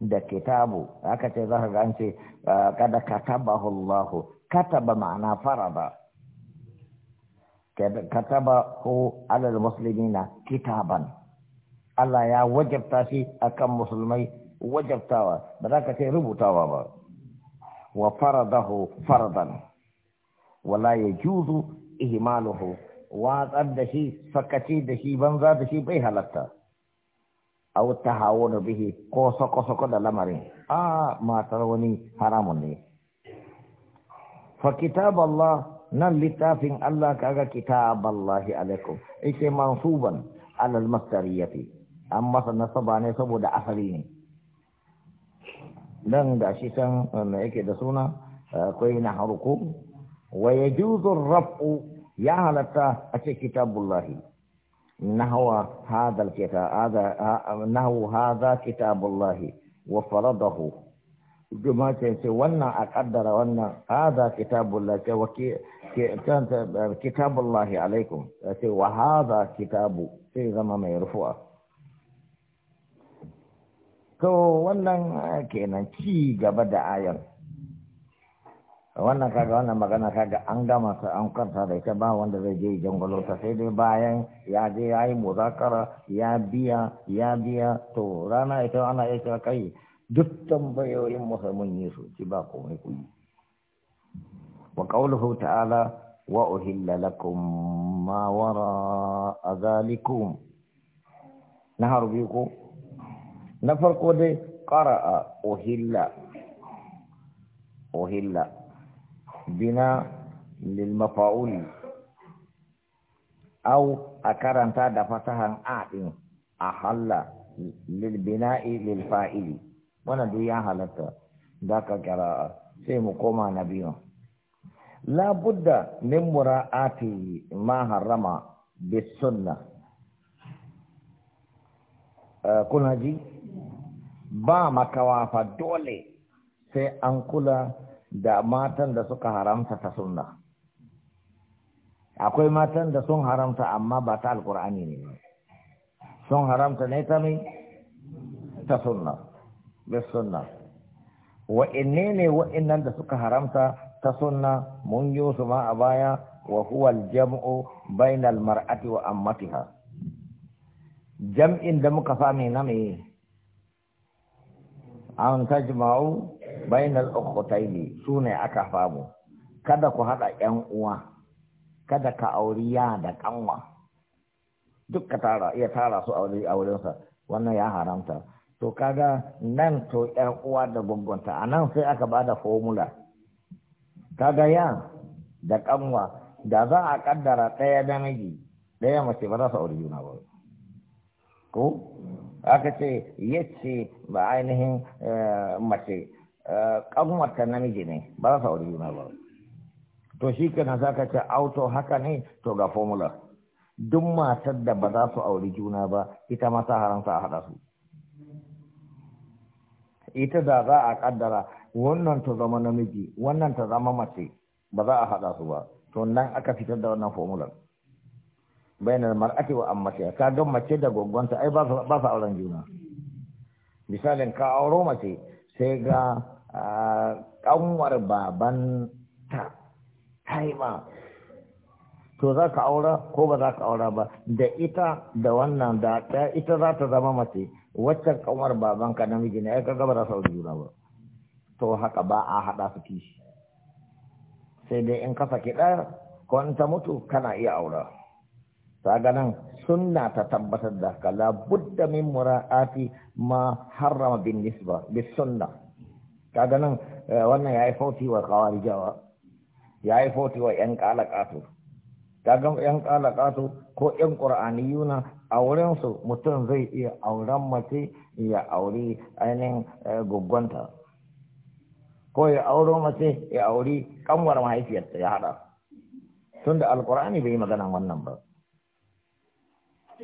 da kitabu aka ce za ka ga an ce ah, kada katabahu Allah kataba ma'ana farada kataba hu ala muslimina kitaban Allah ya wajabta shi akan musulmai wajabtawa ba za ka ce rubutawa ba wa faradahu fardan wala yajuzu ihmaluhu watsar da shi sakaci da shi banza da shi bai halatta aw tahawunu bihi ko sako sako da lamarin a matar wani haramun ne fa kitab Allah nan littafin Allah kaga kitab Allah alaikum ike mansuban alal masdariyati amma sanasaba ne saboda asali ne nan ga shi can eh, me yake da suna eh, akwai na harku wa yajuzu rafu ya halatta a ce kitabullahi nahwa hadha alkitab hadha nahwa hadha kitabullahi wa faradahu Juma ce ce wannan a kaddara wannan hadha kitabullahi ce wa eh, kitabullahi alaikum ce wa hadha kitabu sai zama mai rufu'a to wannan ah, kenan ci gaba da ayar wannan kaga wannan magana kaga an gama ta an kwanta da ita ba wanda zai je jangolo sai dai bayan ya je ya yi muzakara ya biya ya biya to rana ita ana iya cewa kai duk tambayoyin musulmin yi su ci ba komai ku yi wa kauluhu ta'ala wa uhilla lakum ma wara zalikum. na harbi ko na farko dai ƙara'a ohilla ohilla bina lilmafa'uli au a karanta da fasahan a ɗin a halla lilbina'i lilfa'ili wannan duk ya halatta da ka ƙara'a sai mu koma na biyu labudda min mura'ati ma harrama bis sunna eh, kuna ji ba makawa dole sai an kula da matan da suka haramta ta sunna akwai matan da sun haramta amma ba ta alkur'ani ne sun haramta ne ta mai ta sunna bis sunna wa'inne ne wa'innan da suka haramta ta sunna mun yi su ma a baya wa huwa aljam'u bainal mar'ati wa ammatiha jam'in da muka sami na mai an tajma'u bainal ukhtaini sune aka famu kada ku hada 'yan uwa kada ka auri ya da kanwa duk ka tara iya tara su aure auren sa wannan ya haramta to kaga nan to 'yan uwa da gungunta anan sai aka bada formula kaga ya da kanwa da za a kaddara da miji ɗaya mace ba za su auri juna ba ko aka ce yace ba ainihin eh, mace ƙanwarta eh, namiji ne ba za su auri juna ba to shi kana za ka ce auto haka ne to ga formula duk matar da ba za su auri juna ba ita ma sa a haɗa su ita da za a kaddara wannan ta zama namiji wannan ta zama mace ba za a haɗa su ba to nan aka fitar da wannan formular bainar mar'ati wa ammatiha ka ga mace da gogonta ai ba su auren juna misalin ka auro mace sai ga kanwar baban ta haima to za ka aura ko ba za ka aura ba da ita da wannan da ta ita za ta zama mace waccan kanwar babanka namiji ne ai ka ga ba za su aure juna ba to haka ba a haɗa su kishi sai dai in ka saki ɗaya ko in ta mutu kana iya aura kaga nan sunna ta tabbatar da haka labudda min mura'ati ma harrama bin nisba bis sunna kaga nan eh, wannan yayi fauti wa ya yayi fauti wa yan qalaqatu kaga yan qalaqatu ko yan qur'aniyuna a wurin su mutum zai iya auren mace ya aure ainihin eh, gugunta ko ya auro mace ya auri kanwar mahaifiyarta ya hada tunda alqur'ani bai yi magana wannan ba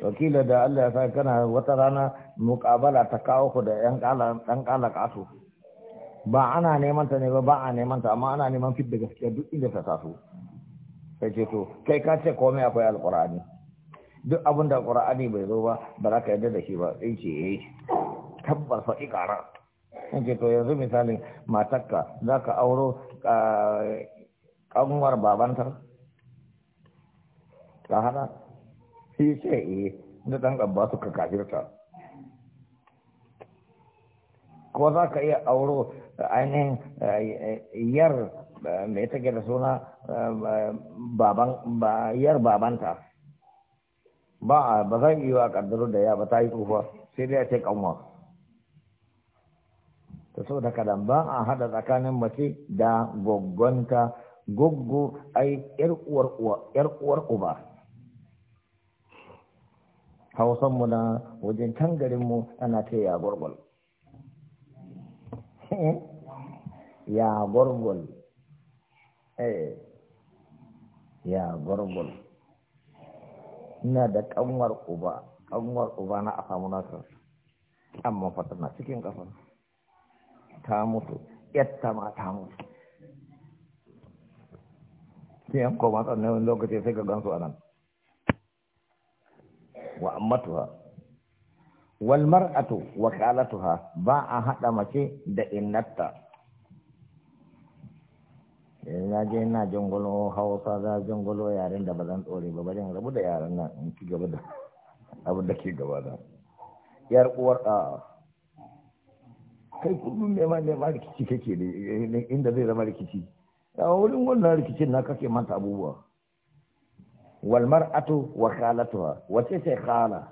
wakila da Allah ya sa kana wata rana muƙabala ta kawo ku da ƴan ƙala ɗan ƙala ƙato ba ana neman ta ne ba ba a neman ta amma ana neman fit da gaskiya duk inda ta taso sai ce to kai ka ce komai akwai alƙur'ani duk abin da alƙur'ani bai zo ba ba za ka yarda da shi ba sai ce eh tabbas fa ikara. sai ce to yanzu misalin matarka za ka auro ah, ƙanwar babanta ka hada ya ce eh da ɗan abbasu ka kafirta ko za ka iya auro eh, ainihin eh, eh, yar mai take da suna yar babanta ba ba zan yi wa kaddaro da ya ba ta yi tsufa sai dai a ce kanwa ta so da kadan ba a hada tsakanin mace da goggonta goggo ai yar uwar uba hausan mu na wajen can garin mu ana ta ya gurgul ya gurgul eh ya gurgul ina da kanwar uba kanwar uba na a samu nasa amma mafata na cikin kafa ta mutu yatta ma ta mutu sai an koma sannan lokaci sai ka gansu a nan wa ammatuha wal mar'atu wa khalatuha ba a hada mace da innata eh, na je ina jungulo hausa za jungulo yaren da bazan zan tsore ba bazan rabu da yaren nan in ci gaba da abin da ke gaba da yar uwar a kai kullum ne ma ne ma rikici kake eh, ne inda zai zama rikici a wurin wannan rikicin na kake manta abubuwa Walmar atu wa khalatuha wace ce khala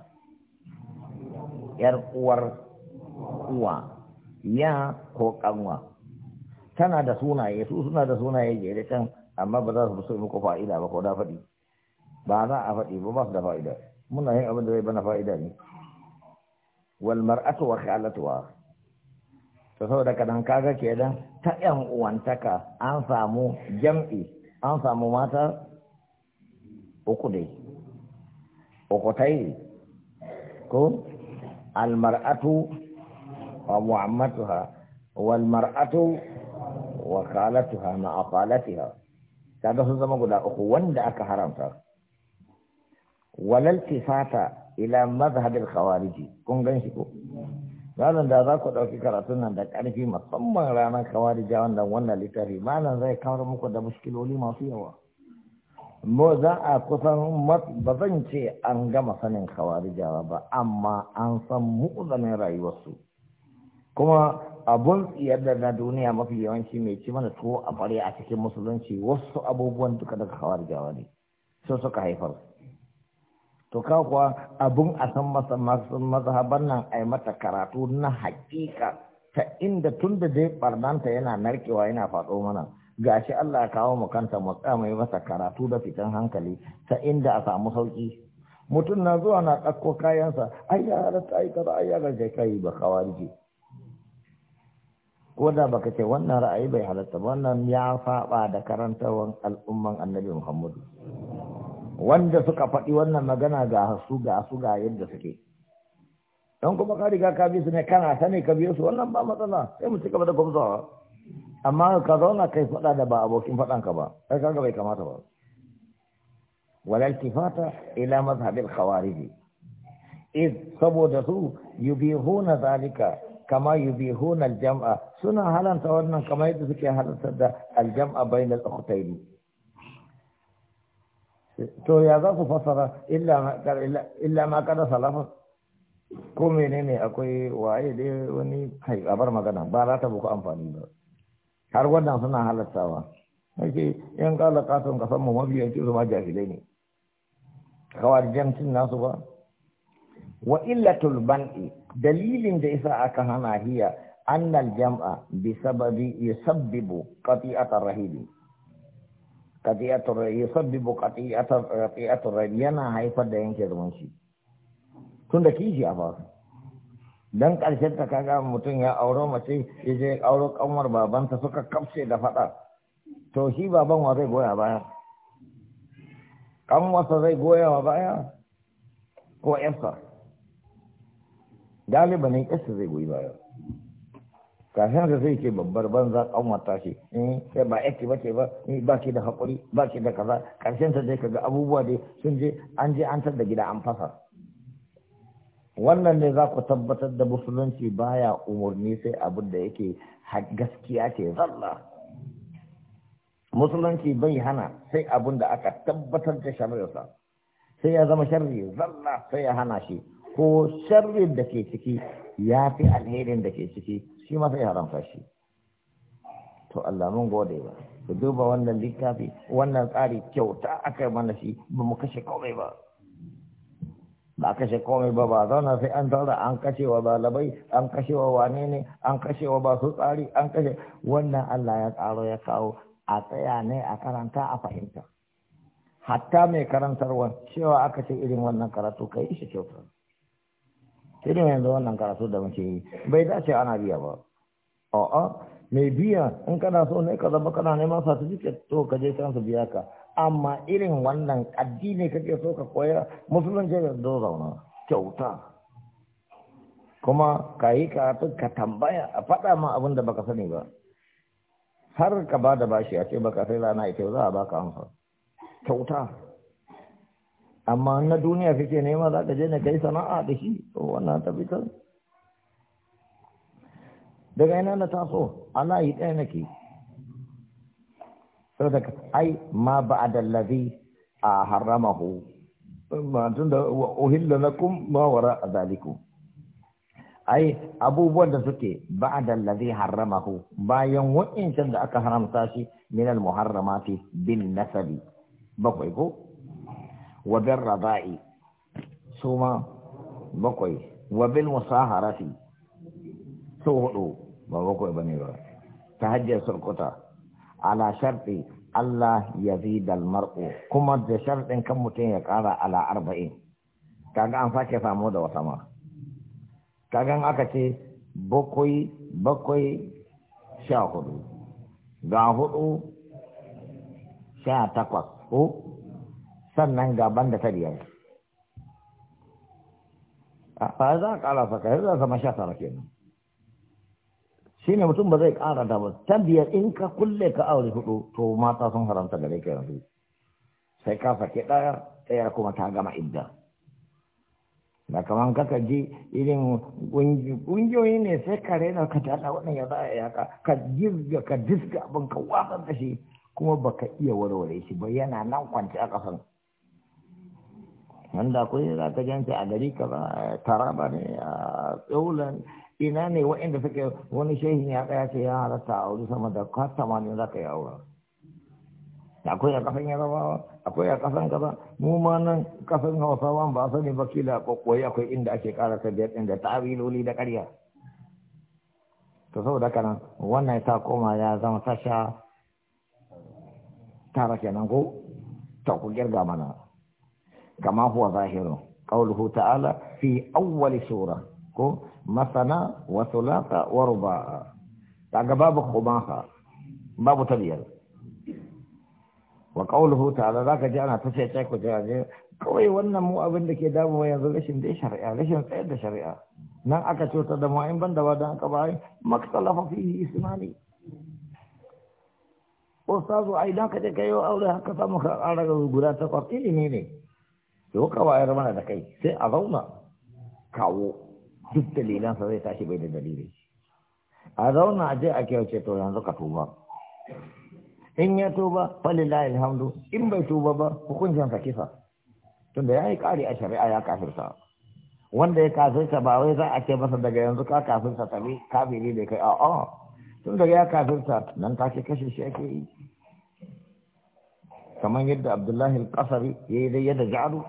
yar uwar uwa ya ko kanwa tana da sunaye su suna da sunaye jere can amma ba za su fi muku fa'ida ba ko da faɗi ba za a faɗi ba ba su da fa'ida muna yin abin da zai bana fa'ida ne Walmar atu wa khalatuha sau da kadan kaga ke ta yan uwantaka an samu jam'i an samu mata uku dai yi ko almar'atu wa mu'ammatuha ha walmar'atu wa na ma ha kaga sun zama guda uku wanda aka haramta walal tifata ila mazhabin kawariji kun gan shi ko ranar da za ku ɗauki karatun nan da ƙarfi musamman ranar kawariji da wannan littafi malam zai kawar muku da muskiloli masu yawa mo za a kusan ba zan ce an gama sanin jawa ba amma an san mu'uzanin rayuwarsu kuma abun tsiyar na duniya mafi yawanci mai ci mana tuwo a bari a cikin musulunci wasu abubuwan duka daga jawa ne sun suka haifar to ka kuwa abun a san mazhaban nan a mata karatu na hakika ta inda tun da dai barnanta yana narkewa yana faɗo mana gashi Allah ya kawo mu kanta mu mai masa karatu da fitan hankali ta inda a samu sauki mutum na zuwa na ɗauko kayansa ai ya halatta ai kaza ai ya gaje kai ba kawarje ko da baka ce wannan ra'ayi bai halatta wannan ya saba da karantawan al'umman annabi Muhammadu wanda suka faɗi wannan magana ga su ga su ga yadda suke don kuma ka riga ka bi su ne kana sani ka biyo su wannan ba matsala sai mu ci gaba da gwamzawa amma ka zauna kai faɗa da ba abokin ka ba ka kaga bai kamata ba walal tifata ila mazhabil khawarij iz saboda su yubihuna zalika kama yubihuna aljam'a suna halanta wannan kama yadda suke halanta da aljam'a bainal ukhtayn to ya za ku fasara illa ma kada salafa ko menene akwai waye dai wani kai a bar magana ba za ta buku amfani ba har wannan suna halattawa nake yan kala katon ka san mu mabiyanci su ma jahilai ne kawar cin nasu ba wa illatul ban'i dalilin da isa aka hana hiya annal jam'a bi sababi yusabbibu qati'atar rahibi qati'atar yusabbibu qati'atar qati'atar yana haifar da yanke zumunci Tunda da kishi a ba dan ƙarshen ta kaga mutum ya auro mace ya je auro kanwar babanta suka kafce da faɗa to shi baban wa zai goya baya ƙanwarsa zai goya wa baya ko yarsa galibanin yarsa zai goyi baya kafin da zai ce babbar banza ta shi eh, in sai ba yake ba ce ba ni ba ki da haƙuri ba ki da kaza karshen ta dai kaga abubuwa dai sun je an je an tar da gida an fasa wannan ne za ku tabbatar da musulunci baya umarni sai abin da yake gaskiya ke zalla musulunci bai hana sai abin da aka tabbatar da shari'arsa sai ya zama sharri zalla sai ya hana shi ko sharrin da ke ciki ya fi alherin da ke ciki shi ma sai haramta shi to Allah mun gode ba ku duba wannan littafi wannan tsari kyauta aka yi mana shi ba mu kashe kawai ba ba kashe komai ba ba zauna sai an zaura an kashe wa labai an kashewa wane ne an kashewa ba su tsari an kashe wannan Allah ya tsaro ya kawo a tsaya ne a karanta a fahimta hatta mai karantarwa cewa aka ce irin wannan karatu kai shi kyauta irin yanzu wannan karatu da muke yi bai dace ana biya ba a'a mai biya in kana so ne ka zama kana neman certificate to ka je kansu biya ka amma irin wannan addini kake so ka koya musulunci da zo zauna kyauta kuma ka yi karatu ka tambaya a faɗa ma abin da baka sani ba har ka ba da bashi a ce baka sai rana ita za a baka amsa kyauta amma na duniya kake nema za ka je na kai sana'a da shi wannan tabbatar daga ina na taso ana yi ɗaya nake saboda ai ma ba'da allazi a haramahu tun da uhilla kun mawara wara zalikum ai abubuwan da suke ba a allazi haramahu bayan wa'incan da aka haramta shi min al muharramati bin nasabi bakwai ko wa bil rabai suma bakwai wa bil musaharati so hudu ba bakwai bane ba ta hajjar surkuta ala sharti Allah ya zidal dalmarko kuma da sharɗin kan mutum ya ƙara ala arba'in kaga an sake samu da wata ma kagan aka ce bakwai bakwai sha hudu ga hudu sha takwas ko sannan gaban da ta biyar a za a ƙara saka za zama sha tara kenan shi ne mutum ba zai ƙara da ba ta biyar in ka kulle ka aure hudu to mata sun haramta gare ka yanzu sai ka sake ɗaya ɗaya kuma ta gama idda da kaman kaka ji irin ƙungiyoyi ne sai ka rena ka tada wannan ya zaya ya ka ka jirga ka diska abin ka wasan da shi kuma ba ka iya warware shi ba yana nan kwanci a ƙasan wanda akwai za ka jance a gari ka ba taraba ne a tsohon ina ne wa'inda suke wani shehin ya tsaya ce ya halatta a wuri sama da kwas tamanin za ka yi aura akwai a kasan yarabawa akwai a kasan kaza mu ma nan kasan hausawa ba ne baki da kwakwai akwai inda ake kara ta biyar da ta'abiloli da ƙarya to saboda haka wannan ta koma ya zama tasha tara kenan ko ta ku girga mana kama huwa zahiru qauluhu ta'ala fi awwali sura ko masana wa thulatha wa ruba'a kaga babu khumasa babu tabiyar wa qawluhu ta'ala zaka ji ana tace ce ku ji kawai wannan mu abin da ke damuwa yanzu rashin dai shari'a rashin tsayar da shari'a nan aka cutar da mu'ayin in ban da wadan aka bai maktalafa fihi ismani ustazu ai dan ka je kai aure haka samu ka ara guda ta ilimi ne to ka wayar mana da kai sai a zauna kawo duk dalilansa zai tashi bai da dalili a zauna a je a kyauce to yanzu ka tuba in ya tuba falilahi hamdu. in bai tuba ba hukuncin sa kisa tunda ya yi kari a shari'a ya kafirta wanda ya kafirta ba wai za a ce masa daga yanzu ka kafirta bi kafiri da kai a'a tunda ya kafirta nan ta ce kashe shi ake yi kamar yadda abdullahi al ya yi da da ja'alu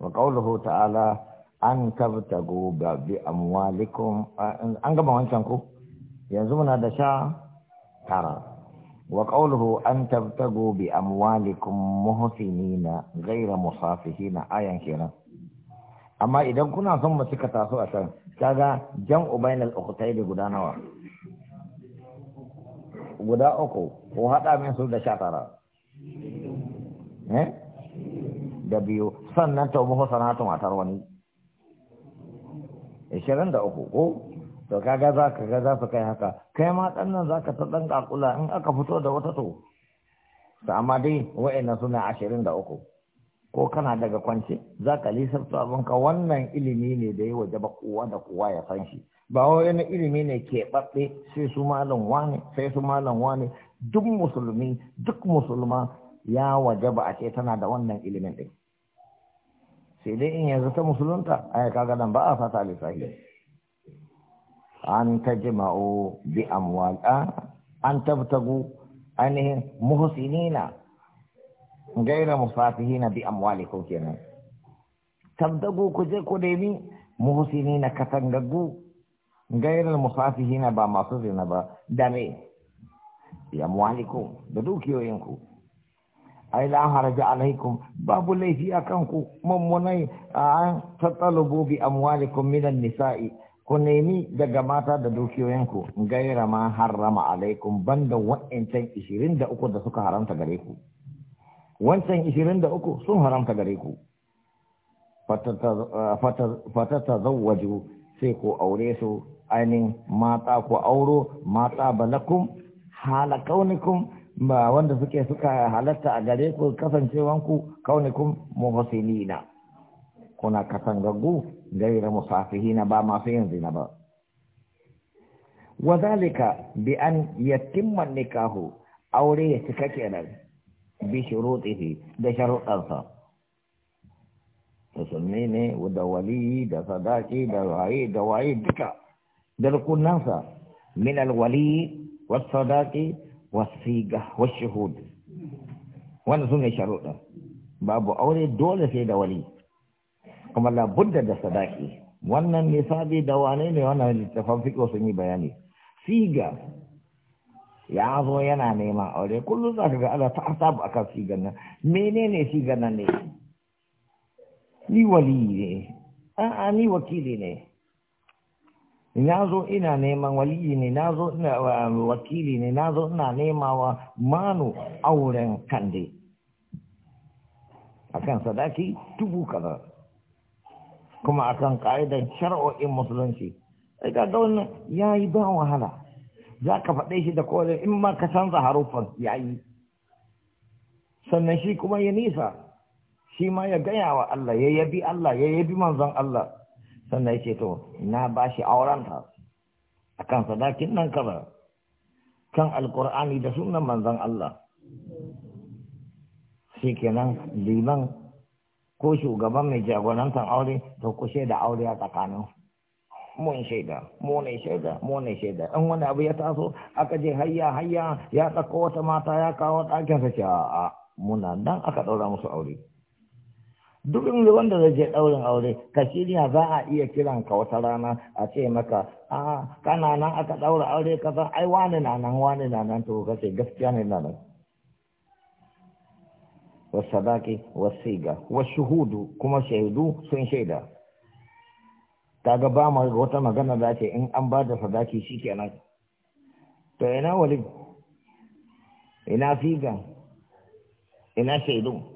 wa ta'ala an tabtago ba bi amwalikum an gama wancan ko yanzu muna da sha tara wa qawluhu an tabtago bi amwalikum muhsinina ghayra musafihina ayan kenan amma idan kuna son mu cika taso a can kaga jan ubainal ukhtayn guda nawa guda uku ko hada min su da sha tara eh da biyu sannan ta muhsanatu matar wani ishirin da uku ko to kaga za ka ga za su kai haka kai ma ɗan nan za ka ta ɗan ƙaƙula in aka fito da wata to to amma dai wa'annan suna ashirin da uku ko kana daga kwance za ka lissafta ka wannan ilimi ne da ya waje ba kowa da kowa ya san shi ba wani ilimi ne keɓaɓɓe sai su malam wani sai su malam wani duk musulmi duk musulma ya waje ba a ce tana da wannan ilimin ɗin sai dai in yanzu ta musulunta ya kaga nan ba a fata lissafi an ta jima'o bi amwala an tabtagu ainihin na gaira na bi ko kenan tabtagu ku je ku nemi muhsinina katangagu gairar na ba masu zina ba dame, bi amwali ko da dukiyoyinku ai la haraja alaikum babu laifi akan ku mummunai an tatalubu bi amwalikum minan nisa'i ku nemi daga mata da dukiyoyinku gaira ma harrama alaikum banda wa'ancan 23 da suka haramta gare ku wancan 23 sun haramta gare ku fatatazawwaju sai ku aure su ainihin mata ku auro mata balakum halakaunikum ba wanda suke suka halatta a gare ku kasancewanku kaunikun na. kuna katangaggu gaira musafihina ba masu yin zina ba wazalika bi an yatimma nikahu aure ya cika kenan bi shurutihi da sharuɗansa musulmi ne da waliyi da sadaki da waye da waye duka da rukunansa min alwali sadaki. wasiga washuhud wannan su sharuɗin babu aure dole sai da wali kuma labudda da sadaki wannan nisabi da wane ne wannan littafan fiƙo sun yi bayani siga ya zo yana neman aure kullum zaka ga ala ta asabu akan sigan nan menene sigan nan ne ni wali ne a'a ni wakili ne na zo ina neman waliyi ne na zo wakili ne na zo ina nemawa manu auren kande akan sadaki dubu kaza kuma akan ka'idar shar'o'in musulunci sai ga wannan ya yi ba wahala za ka faɗe shi da kore in ma ka canza harufan ya yi sannan shi kuma ya nisa shi ma ya gaya wa Allah ya yabi Allah ya yabi manzon Allah sannan ya ce to na ba shi aurenta a kan sadakin nan kaza kan alkur'ani da sunan manzan Allah shi kenan liman ko shugaban mai jagorantar aure to ku shaida aure a tsakanin mun shaida mu ne shaida mu ne shaida in wani abu ya taso aka je hayya hayya ya ɗauko wata mata ya kawo ɗakinsa ce a muna dan aka ɗaura musu aure duk inda wanda zai je ɗaurin aure ka shirya za a iya kiran ka wata rana a ce maka a kana nan aka ɗaura aure ka san ai wani na nan wani na nan to kace gaskiya ne na nan siga, wasu shuhudu, kuma shaidu sun shaida kaga ba mu wata magana da ce in an ba da sadaki shikenan to ina wali ina figa ina shaidu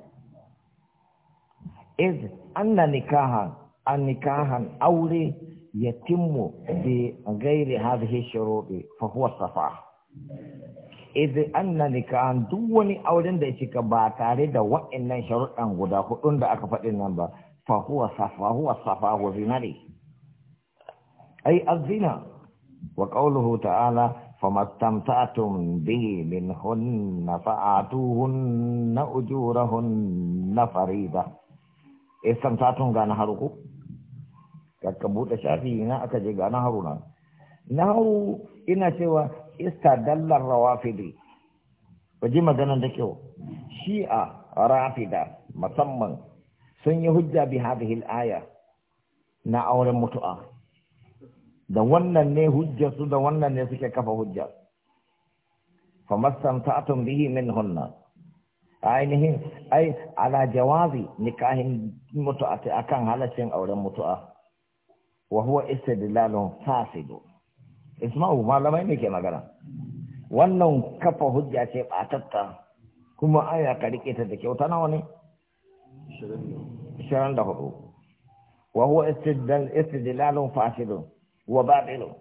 iz anna nikahan an nikahan aure yatimmu bi ghairi hadhihi shuruɗi fa huwa safa iz anna nikahan duk wani auren da ya cika ba tare da wa'annan sharuɗan guda hudu da aka faɗi nan ba fa huwa safa huwa safa wa zinari ay azina wa qawluhu ta'ala famastamta'tum bihi minhunna fa'atuhunna ujurahunna farida isan eh, tatun gane haru ko ka buɗe shafi ina aka je gane haru na nahu ina cewa dallar rawafidi ba ji maganan da kyau shi'a rafida musamman sun yi hujja bi hadhihi al na auren mutu'a da wannan ne hujja su da wannan ne suke kafa hujja famastamta'tum bihi hunna ainihin ai ala jawazi nikahin mutu'a akan halaccin auren mutu'a wa huwa istidlalun fasidu isma'u malamai ne ke magana wannan kafa hujja ce batatta kuma aya ka rike ta da kyauta nawa ne 24 wa huwa istidlalun fasidun wa batilun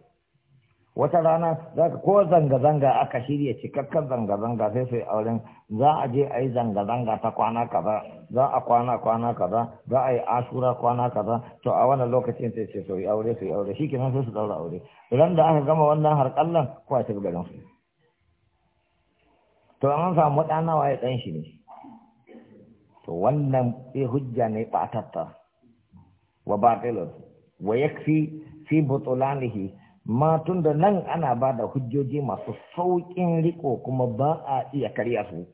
wata rana za ka ko zanga-zanga aka shirya cikakken zanga-zanga sai sai auren za a je a yi zanga-zanga ta kwana kaza za a kwana kwana kaza za a yi asura kwana kaza to a wannan lokacin sai sai sai aure sai aure shi kenan sai su daura aure idan da aka gama wannan harkallan ko a tafi garin su to an samu ɗana waye ɗan shi ne to wannan hujja ne ɓatatta wa batilun wa yakfi fi butulanihi matun da nan ana ba da hujjoji masu sauƙin riko kuma ba a iya karya su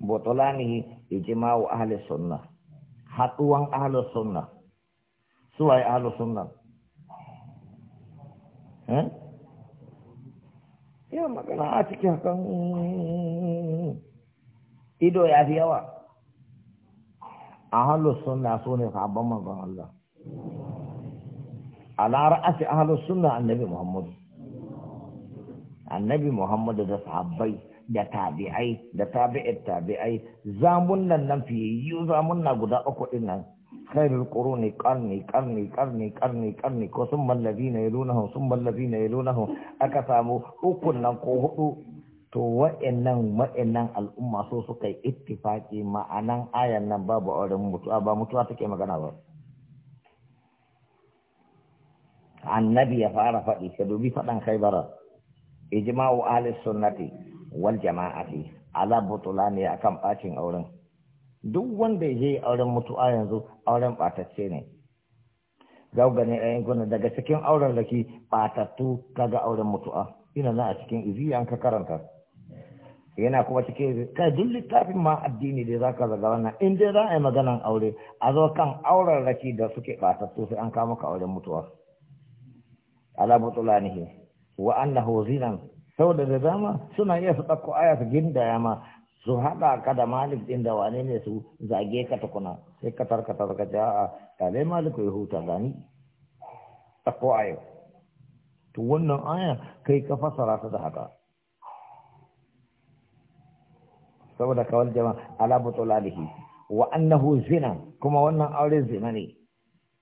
botolani ijma'u ahli sunna haɗuwan ahli sunna suwaye ahli sunna eh? ya magana a cikin kan ido ya fi yawa ahli sunna sune sabon manzon Allah ala ra'asi ahlus sunna annabi Muhammadu. annabi muhammad da sahabbai da tabi'ai da tabi'it tabi'ai zamun nan nan fiyayyu zamun na guda uku din nan khairul quruni qarni qarni qarni qarni qarni ko summa alladhina yalunahum summa alladhina yalunahum aka samu ukun ko hudu to wa'annan wa'annan al'umma so suka yi ittifaqi ma'anan aya nan babu auren mutuwa ba mutuwa take magana ba annabi ya fara faɗi ka dubi faɗan khaibara ijma'u ahli sunnati wal jama'ati ala butulani akan bacin auren duk wanda ya yi auren mutu'a yanzu auren batacce ne gaugane a gona, daga cikin auren laki batattu kaga auren mutu'a ina na a cikin izi an ka karanta yana kuma cikin kai duk littafin ma addini da zaka zaga wannan in dai za a yi maganan aure a zo kan auren laki da suke batattu sai an kama ka auren mutu'a ala butulanihi wa annahu zinan saboda da dama suna iya su ɗauko aya su gindaya ma su haɗa ka da malik ɗin da wane ne su zage ka kuna sai ka tarka ka ce a talai malik ya huta gani ɗauko aya to wannan aya kai ka fasara ta da haka saboda kawal jama'a ala butulanihi wa annahu zinan kuma wannan aure zina ne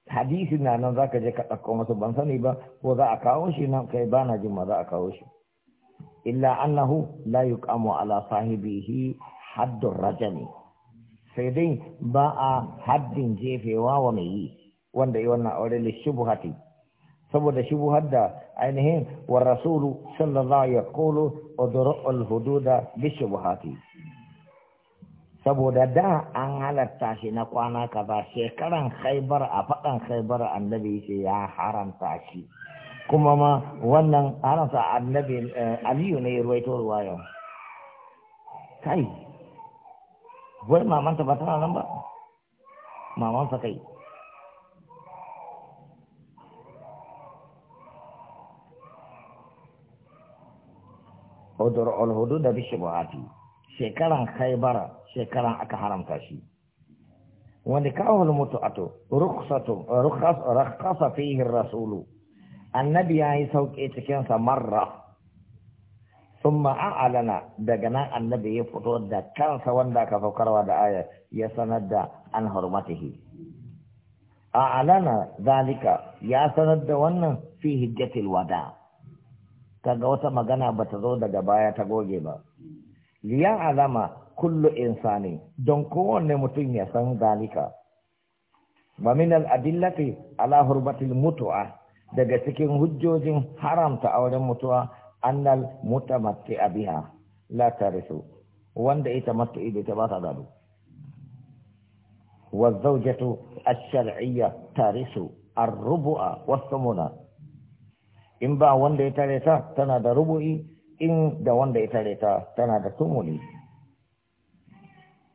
hadisin na nan zaka je ka dauko masu ban sani ba ko za a kawo shi nan kai ba na jin ma za a kawo shi illa annahu la yuqamu ala sahibihi haddur sai dai ba a haddin jefewa wa mai yi wanda yi wannan aure li shubuhati saboda shubuhar da ainihin wa rasulu sallallahu alaihi wa sallam yaqulu udru'ul hududa bi shubuhati saboda da an halatta shi na kwana kaza shekaran khaibar a faɗan khaibar annabi yake ya haramta shi kuma ma wannan haramta annabi eh, aliyu ne ya ruwaito ruwayan kai wai mamanta ba tana nan ba mamansa kai Hudur al-hudud da bishibuhati. shekaran khaibara shekaran aka haramta shi Wani kawal ato rukhsatu rukhas rakhasa fihi ar-rasul annabi yayi sauke cikin sa marra thumma a'lana daga nan annabi ya fito da kansa wanda aka saukarwa da aya ya sanar da an hurmatihi a'lana zalika ya sanar da wannan fi hijjatil wada kaga wata magana bata zo daga baya ta goge ba liya alama kullu insani don kowanne mutum ya san zalika wa min al-adillati ala hurmatil mutu'a daga cikin hujjojin haramta auren mutuwa annal a biha la tarisu wanda ita mata ido ta ba ta gado wa zawjatu ash-shar'iyya tarisu ar-rubu'a was-thumuna in ba wanda ya tare ta tana da rubu'i in da wanda ya tare ta tana da tumuli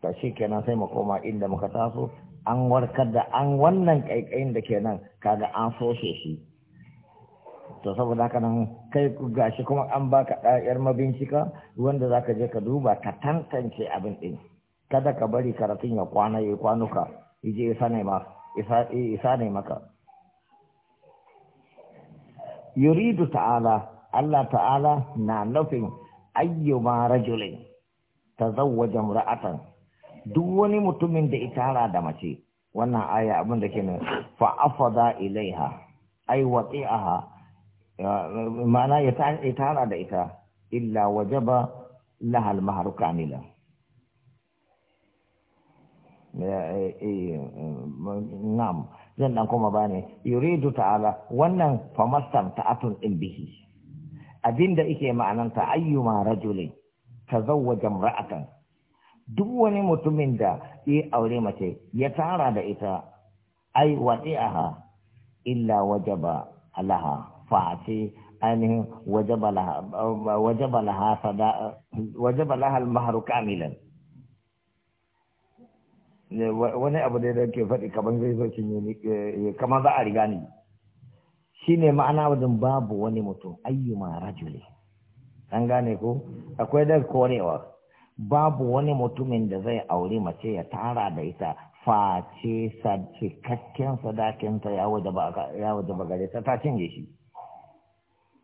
ta shi kenan sai mu koma inda muka taso an warkar da an wannan kaikayin da kenan kaga an soshe shi to saboda haka nan kai gashi kuma an baka ɗayar mabincika wanda zaka je ka duba ka tantance abin ɗin kada ka bari karatun ya kwana ya kwanuka ije isa isa ne maka yuridu ta'ala Allah ta'ala na nufin ayyuma rajulin tazawwaja imra'atan duk wani mutumin da itara da mace wannan aya abin da ke kenan fa afada ilaiha ay wati'aha ma'ana ya tara da ita illa wajaba laha al-mahar kamila eh, eh, nam zan dan kuma bane yuridu ta'ala wannan famastam ta'atun in bihi abinda ike ma'ananta ayyuma rajulin tazawwaja imra'atan duk wani mutumin da ya aure mace ya tara da ita ai wati'aha illa wajaba alaha fa'ati ainihin wajaba laha wajaba laha sada wajaba laha al-mahru kamilan wani abu da yake faɗi kamar zai zo kin yi eh, kamar za a riga ni shine ma'ana wajen babu wani mutum ayyuma rajuli an gane ko akwai da korewa babu wani mutumin da zai aure mace ya tara da ita face cikakken sadakinta ya ba gare ta ta cinye shi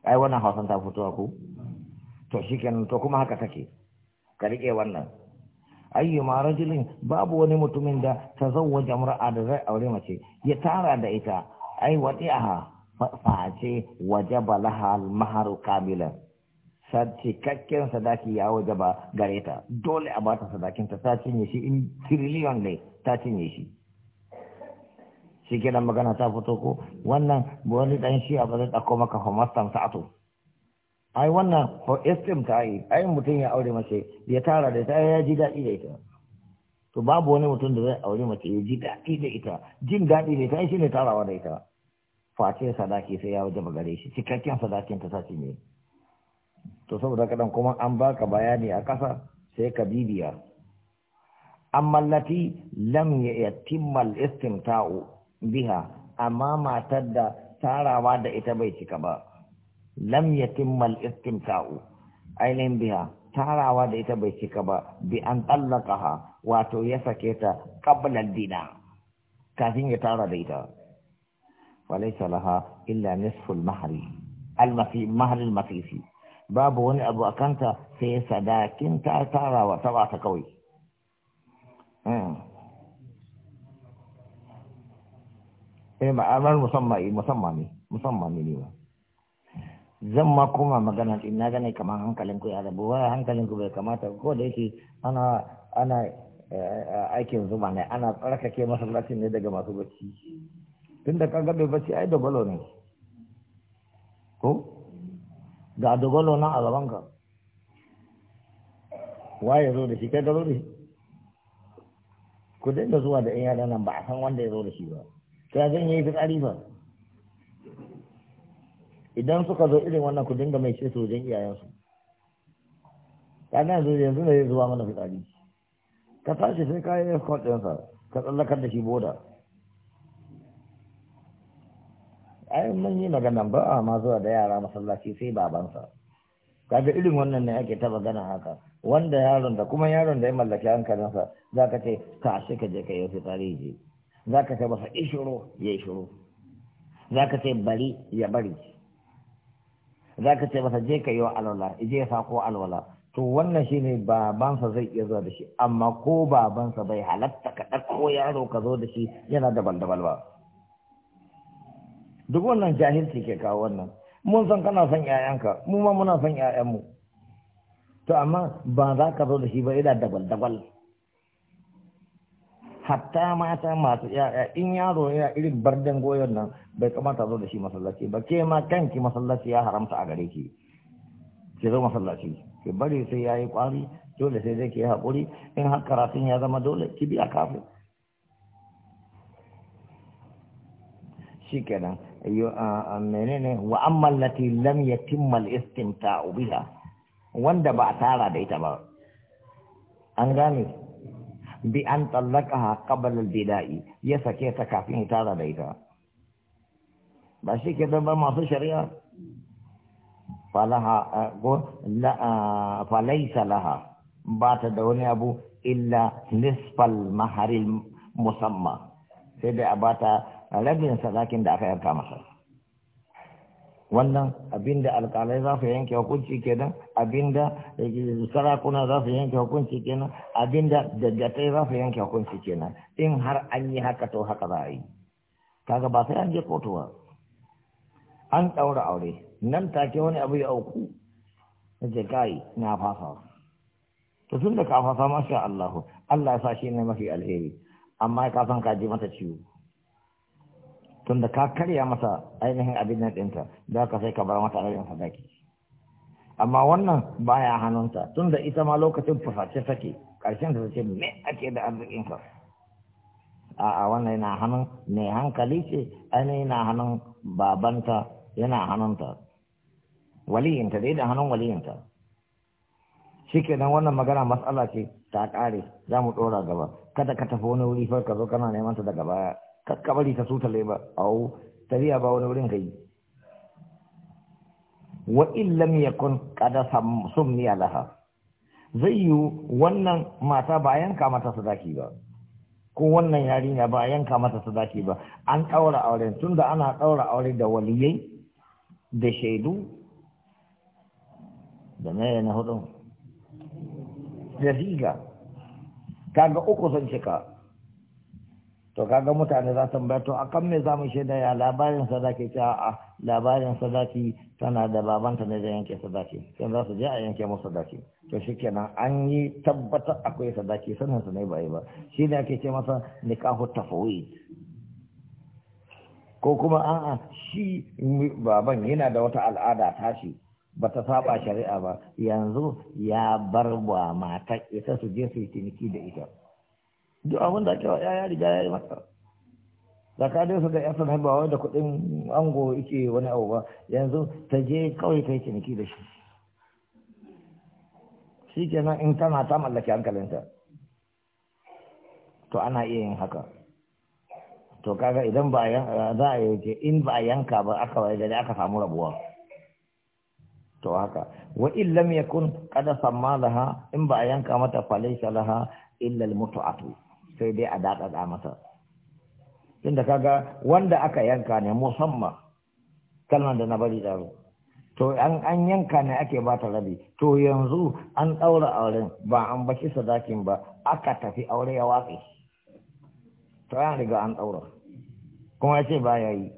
ai wannan hausan ta fito ku to shikenan to kuma haka take ka rike wannan ayyuma rajulin babu wani mutumin da ta tazawwaja mar'a da zai aure mace ya tara da ita ai wadi'aha face wajaba laha maharu kamila cikakken sadaki ya wajaba gare ta dole a bata sadakin ta ta cinye shi in trillion ne ta cinye shi shi kenan magana ta fito ko wannan wani dan shi a bazai dako maka homastam sa'atu ai wannan for esteem ta yi ai mutum ya aure mace ya tara da ta ya ji daɗi da ita to babu wani mutum da zai aure mace ya ji daɗi da ita jin daɗi da ita shi ne tarawa da ita face sadaki sai ya waje gare shi cikakken sadakin ta sace ne to saboda kadan kuma an baka bayani a kasa sai ka bibiya amma lati lam yatimma al-istimta'u biha amma matar da tarawa da ita bai cika ba lam yatimma al-istimta'u ainihin biha tarawa da ita bai cika ba bi an kaha wato ya sake ta ƙablar dina kafin ya tara da ita وليس لها إلا نصف المهر المسي مهر المسيسي باب وني أبو أكنت في سداكن تارا وتبع تكوي eh ma'amar musamman musamman zan ma koma magana in na gane kamar hankalinku ya rabu wai hankalinku bai kamata ko da yake ana ana aikin zuma ne ana tsarkake masallacin ne daga masu bacci tunda kaga bai bacci ai dogalo ne ko ga dogalo na a gaban ka waye zo da shi kai garo da ku dinga zuwa da 'yan yada nan ba a san wanda ya zo da shi ba sai zan yi fitsari ba idan suka zo irin wannan ku dinga mai ceto wajen iyayensu kana zo yanzu da zuwa mana fitsari ka tashi sai ka yi escort ɗinsa ka tsallakar da shi boda ai mun yi magana ba amma zuwa da yara masallaci sai babansa kaga irin wannan ne ake taba gana haka wanda yaron da kuma yaron da ya mallaki hankalinsa za ka ce ka shi ka je ka yi tsari je za ka ce masa ishiro ya ishiro za ka ce bari ya bari za ka ce masa je ka yi wa alwala je ya sako alwala to wannan shi ne babansa zai iya zuwa da shi amma ko babansa bai halatta ka ɗauko yaro ka zo da shi yana daban-daban ba. duk wannan jahilci ke kawo wannan mun san kana son ƴaƴanka mu ma muna son ƴaƴanmu to amma ba za ka zo da shi ba yana dabal dabal hatta mata masu ƴaƴa in yaro ya irin bardan goyon nan bai kamata zo da shi masallaci ba ke ma kanki masallaci ya haramta a gare ki ki zo masallaci ki bari sai yayi kwari dole sai zai ki hakuri in har karatun ya zama dole ki biya kafin shikenan menene wa amma allati lam yatimma al-istimta'u biha wanda ba tara da ita ba an gane bi an tallaqaha qabla al-bida'i ya sake ta kafin tara da ita ba shi ke ba masu shari'a falaha falaisa laha ba ta da wani abu illa nisfal maharil musamma sai dai a bata rabin sadakin da aka yanka masa wannan abinda alkalai za su yanke hukunci kenan abinda sarakuna za su yanke hukunci kenan abinda dajjatai za su yanke hukunci kenan in har an yi haka to haka za a yi kaga ba sai an je kotu ba an ɗaura aure nan take wani abu ya auku na ce kai na fasa to tun da ka fasa masha Allah Allah ya sa shi ne mafi alheri amma ka san ka ji mata ciwo tunda ka karya masa ainihin abin nan ɗinta za ka sai ka bar mata ainihin sadaki amma wannan baya hannunta tunda ita ma lokacin fusace take ƙarshen ta ce me ake da a a'a wannan yana hannun ne hankali ce ainihin na hannun babanta yana hannunta waliyinta dai da hannun waliyinta nan wannan magana matsala ce ta ƙare za mu ɗora gaba kada ka tafi wani wuri farka zo kana neman ta daga baya kakkabari ta sutale ba au tafiya ba wani wurin kai wa illam yakun qada summiya alaha. zai yi wannan mata ba yanka mata sadaki ba ko wannan yarinya ba yanka mata sadaki ba an ɗaura auren tunda ana ɗaura aure da waliyai da shaidu da mai na hudu da ziga kaga uku sun cika to kaga mutane za su tambaya to kan me za mu shaida ya labarin sadaki ta a labarin sadaki tana da babanta ne da yanke sadaki sai za su je a yanke musu sadaki to shikenan an yi tabbata akwai sadaki sannan su ne ba ba shi ne ake ce masa nikahu tafawid ko kuma a'a shi baban yana da wata al'ada ba ta saba shari'a ba yanzu ya bar wa mata ita su je su yi ciniki da ita duk abin da ake wa ya riga ya yi masa ka dai su ga yasa da ba da kuɗin ango yake wani abu ba yanzu ta je kawai kai ciniki da shi shi nan in tana ta mallaki hankalinta to ana iya yin haka to kaga idan ba za a yi in ba a yanka ba aka waye gari aka samu rabuwa to haka wa illam yakun kada samma laha in ba a yanka mata falaysa laha illa al-mut'atu sai dai a daɗaɗa masa ka kaga wanda aka yanka ne musamman kalmar da na bari ɗaro to an yanka ne ake ba ta rabi to yanzu an ɗaura auren ba an baki sadakin ba aka tafi aure ya watsi to ya riga an ɗaura kuma ya ce ba ya yi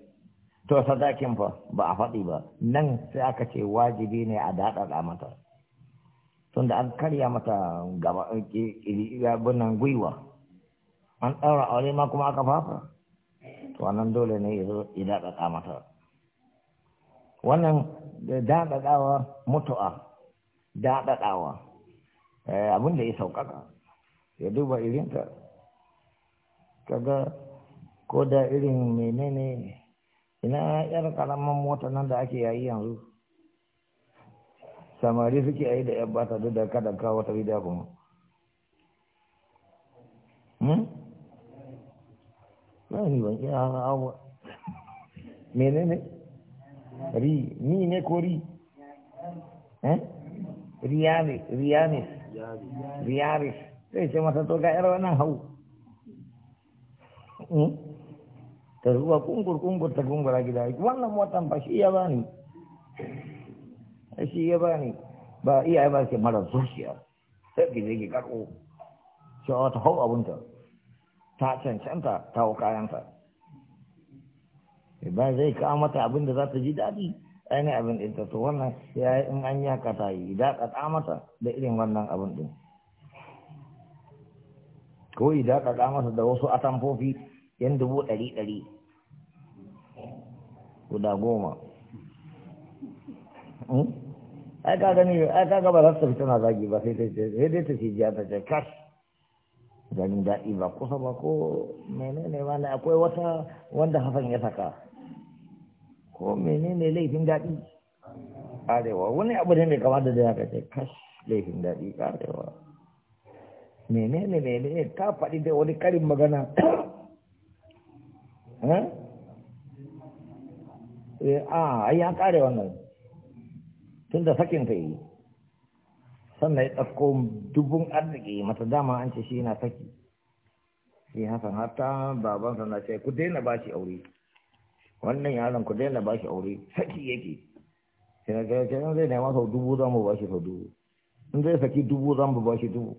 to sadakin fa ba a faɗi ba nan sai aka ce wajibi ne a daɗaɗa mata tunda an karya mata gaba eh, eh, eh, nan gwiwa an ɗaura aure ma kuma aka fafa to dole ne ya zo ya daɗaɗa mata wannan daɗaɗawa mutu'a daɗaɗawa abin da ya sauƙaƙa ya duba irinta kaga ko da irin menene ina yar karamin mota nan da ake yayi yanzu samari suke yi da yan bata duk da kada kawo ta bidiya hmm? kuma Wallahi ban iya hawa ba. Menene? Ri, ni ne ko ri? Eh? Riyari, Sai ce masa to ga wannan hau. Hmm? Ta ruwa kungur kungur ta gungura gida. Wannan motan ba shi ya bani. Shi ya bani. Ba iyaye ba ke mara zuciya. Sai ki je ki karɓo. Shi hau ta cancanta ta hau kayanta ba zai kawo mata abin da za ta ji daɗi ainihin abin ɗin ta to wannan ya yi in an haka ta yi daɗaɗa mata da irin wannan abin ɗin ko yi daɗaɗa mata da wasu atamfofi yan dubu ɗari ɗari guda goma hmm? ai ka gani ai ka gaba ba za ta fita na zagi ba sai dai ta ce jiya ta ce kash ganin daɗi ba kusa ba ko menene ba na akwai wata wanda hasan ya saka ko menene laifin daɗi karewa wani abu ne mai kama da da ce kash laifin daɗi karewa menene menene ka faɗi da wani karin magana eh? eh, a ah, ya kare wannan tun da sakin ka yi sannan ya ɗauko dubun arziki mata dama an ce shi na saki shi hasan hata babansa na ce ku daina ba shi aure wannan yaron ku daina ba shi aure saki yake sai na gaya ce zai nema sau dubu zan ba shi sau dubu in zai saki dubu zan ba shi dubu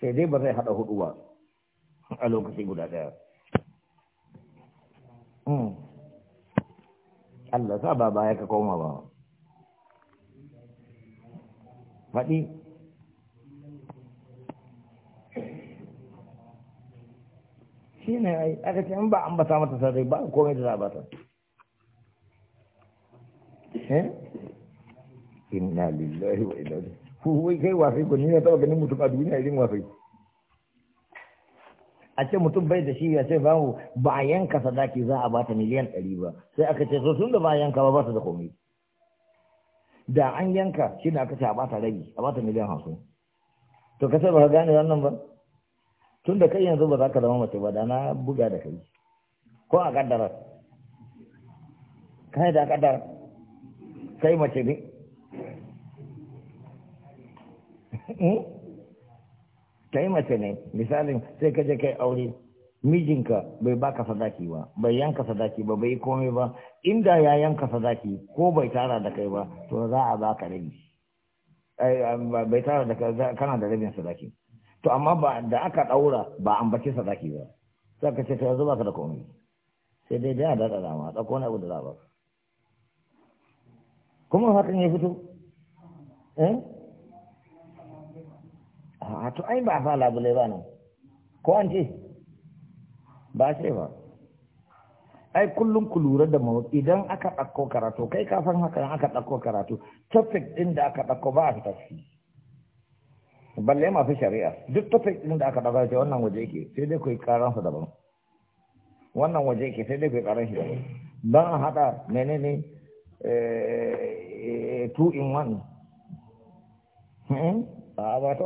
sai dai ba zai haɗa hudu ba a lokaci guda ɗaya hmm. Allah sa ba ya ka koma ba faɗi shi ne ai aka ce in ba an basa mata sarai ba komai da za a bata eh? inna lillahi wa inna ilaihi wai kai wasai ko ni na taba ganin mutum a duniya irin wasai a ce mutum bai da shi ya ce ba mu ba yanka sadaki za a bata miliyan ɗari ba sai aka ce so tun da ba yanka ba ba su da komai da an yanka shi ne aka ce a bata ragi a bata miliyan hamsin to ka sai ba ka gane wannan ba tun da kai yanzu ba za ka zama mace ba da na buga da kai ko a kaddara kai da kaddara kai mace ne hmm? kai mace ne misalin sai ka je kai aure mijinka bai baka sadaki ba bai yanka sadaki ba bai komai ba inda ya yanka sadaki ko bai tara da kai ba to za a baka rabi bai tara da kai kana da rabin sadaki to amma ba da aka daura ba ambace sadaki ba sai ka ce ta yanzu baka da komai sai dai da da dama ma da kona da ba kuma hakan ya fito eh a to ai ba fa labule ba nan ko an ce ba sai ba ai kullum ku lura da mu idan aka ɗauko karatu kai ka san haka aka ɗauko karatu topic ɗin da aka ɗauko ba a fi tafsi balle fi shari'a duk topic ɗin da aka ɗauko ce wannan waje yake sai dai ku yi karan su daban wannan waje yake sai dai ku yi karan shi daban ban a haɗa menene eh, two in one hmm? ba ta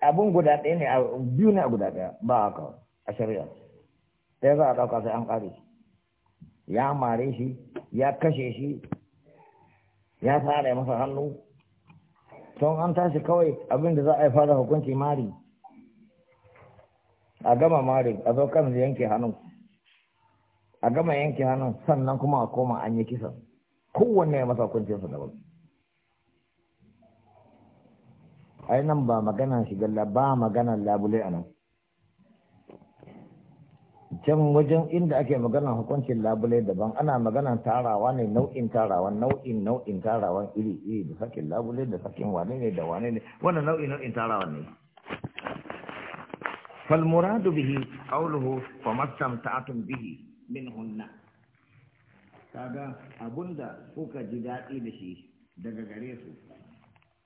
abun guda ɗaya ne biyu ne a guda ɗaya ba haka a shari'a sai za a ɗauka sai an ƙare ya mare shi ya kashe shi ya tsara masa hannu Tun an tashi kawai abin da za a yi fara hukunci mari a gama mari a zo kan yanke hannu a gama yanke hannu sannan kuma a koma an yi kisan kowanne ya masa su daban ai nan ba maganan shigar ba maganan labule a nan can wajen inda ake magana hukuncin labule daban ana magana tarawa ne nau'in tarawa nau'in nau'in tarawa iri iri da sakin labule da sakin wane ne da wane ne wannan nau'in nau'in tarawa ne fal muradu bihi qawluhu ta'atun bihi min hunna kaga abunda kuka ji daɗi da shi daga gare su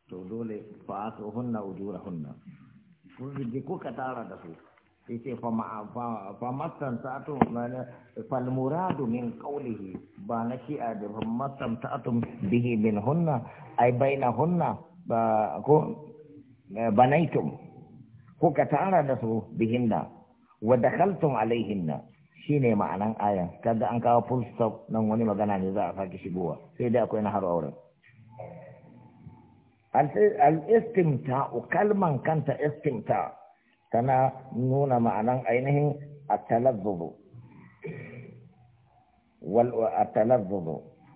to dole fa hunna ujurahunna ko kuka tara da su sai ma fa matan ta'atum falmuradu min qawlihi ba na a da masan ta'atum bihi min hunna ai baina hunna ba ko eh, banaitum ko ka tara da su bihinna wa dakhaltum alaihinna shine ma'anan aya Kada an kawo full stop nan wani magana ne za a faki shigowa sai dai akwai na har auren al-istimta'u kalman kanta istimta' tana nuna ma'anan ainihin a talazzubu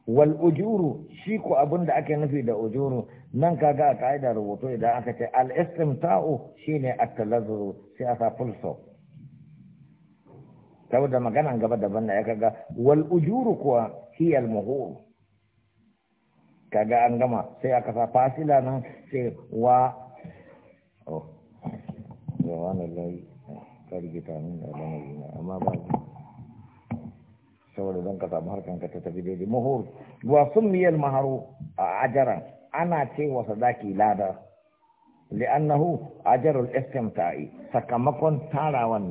wal ujuru shi ko abin da ake nufi da ujuru nan kaga a ka'idar rubutu idan aka ce al shi shine a talazzuru sai a sa full saboda maganan gaba daban na ya kaga wal ujuru kuwa hiyar al ka kaga an gama sai aka sa fasila nan sai wa oh. wani lai harkan ka ta tafi daidai mahur wa miyar maharu a ajaran ana cewa sadaki lada li'annahu ajarul istimta'i sakamakon tarawan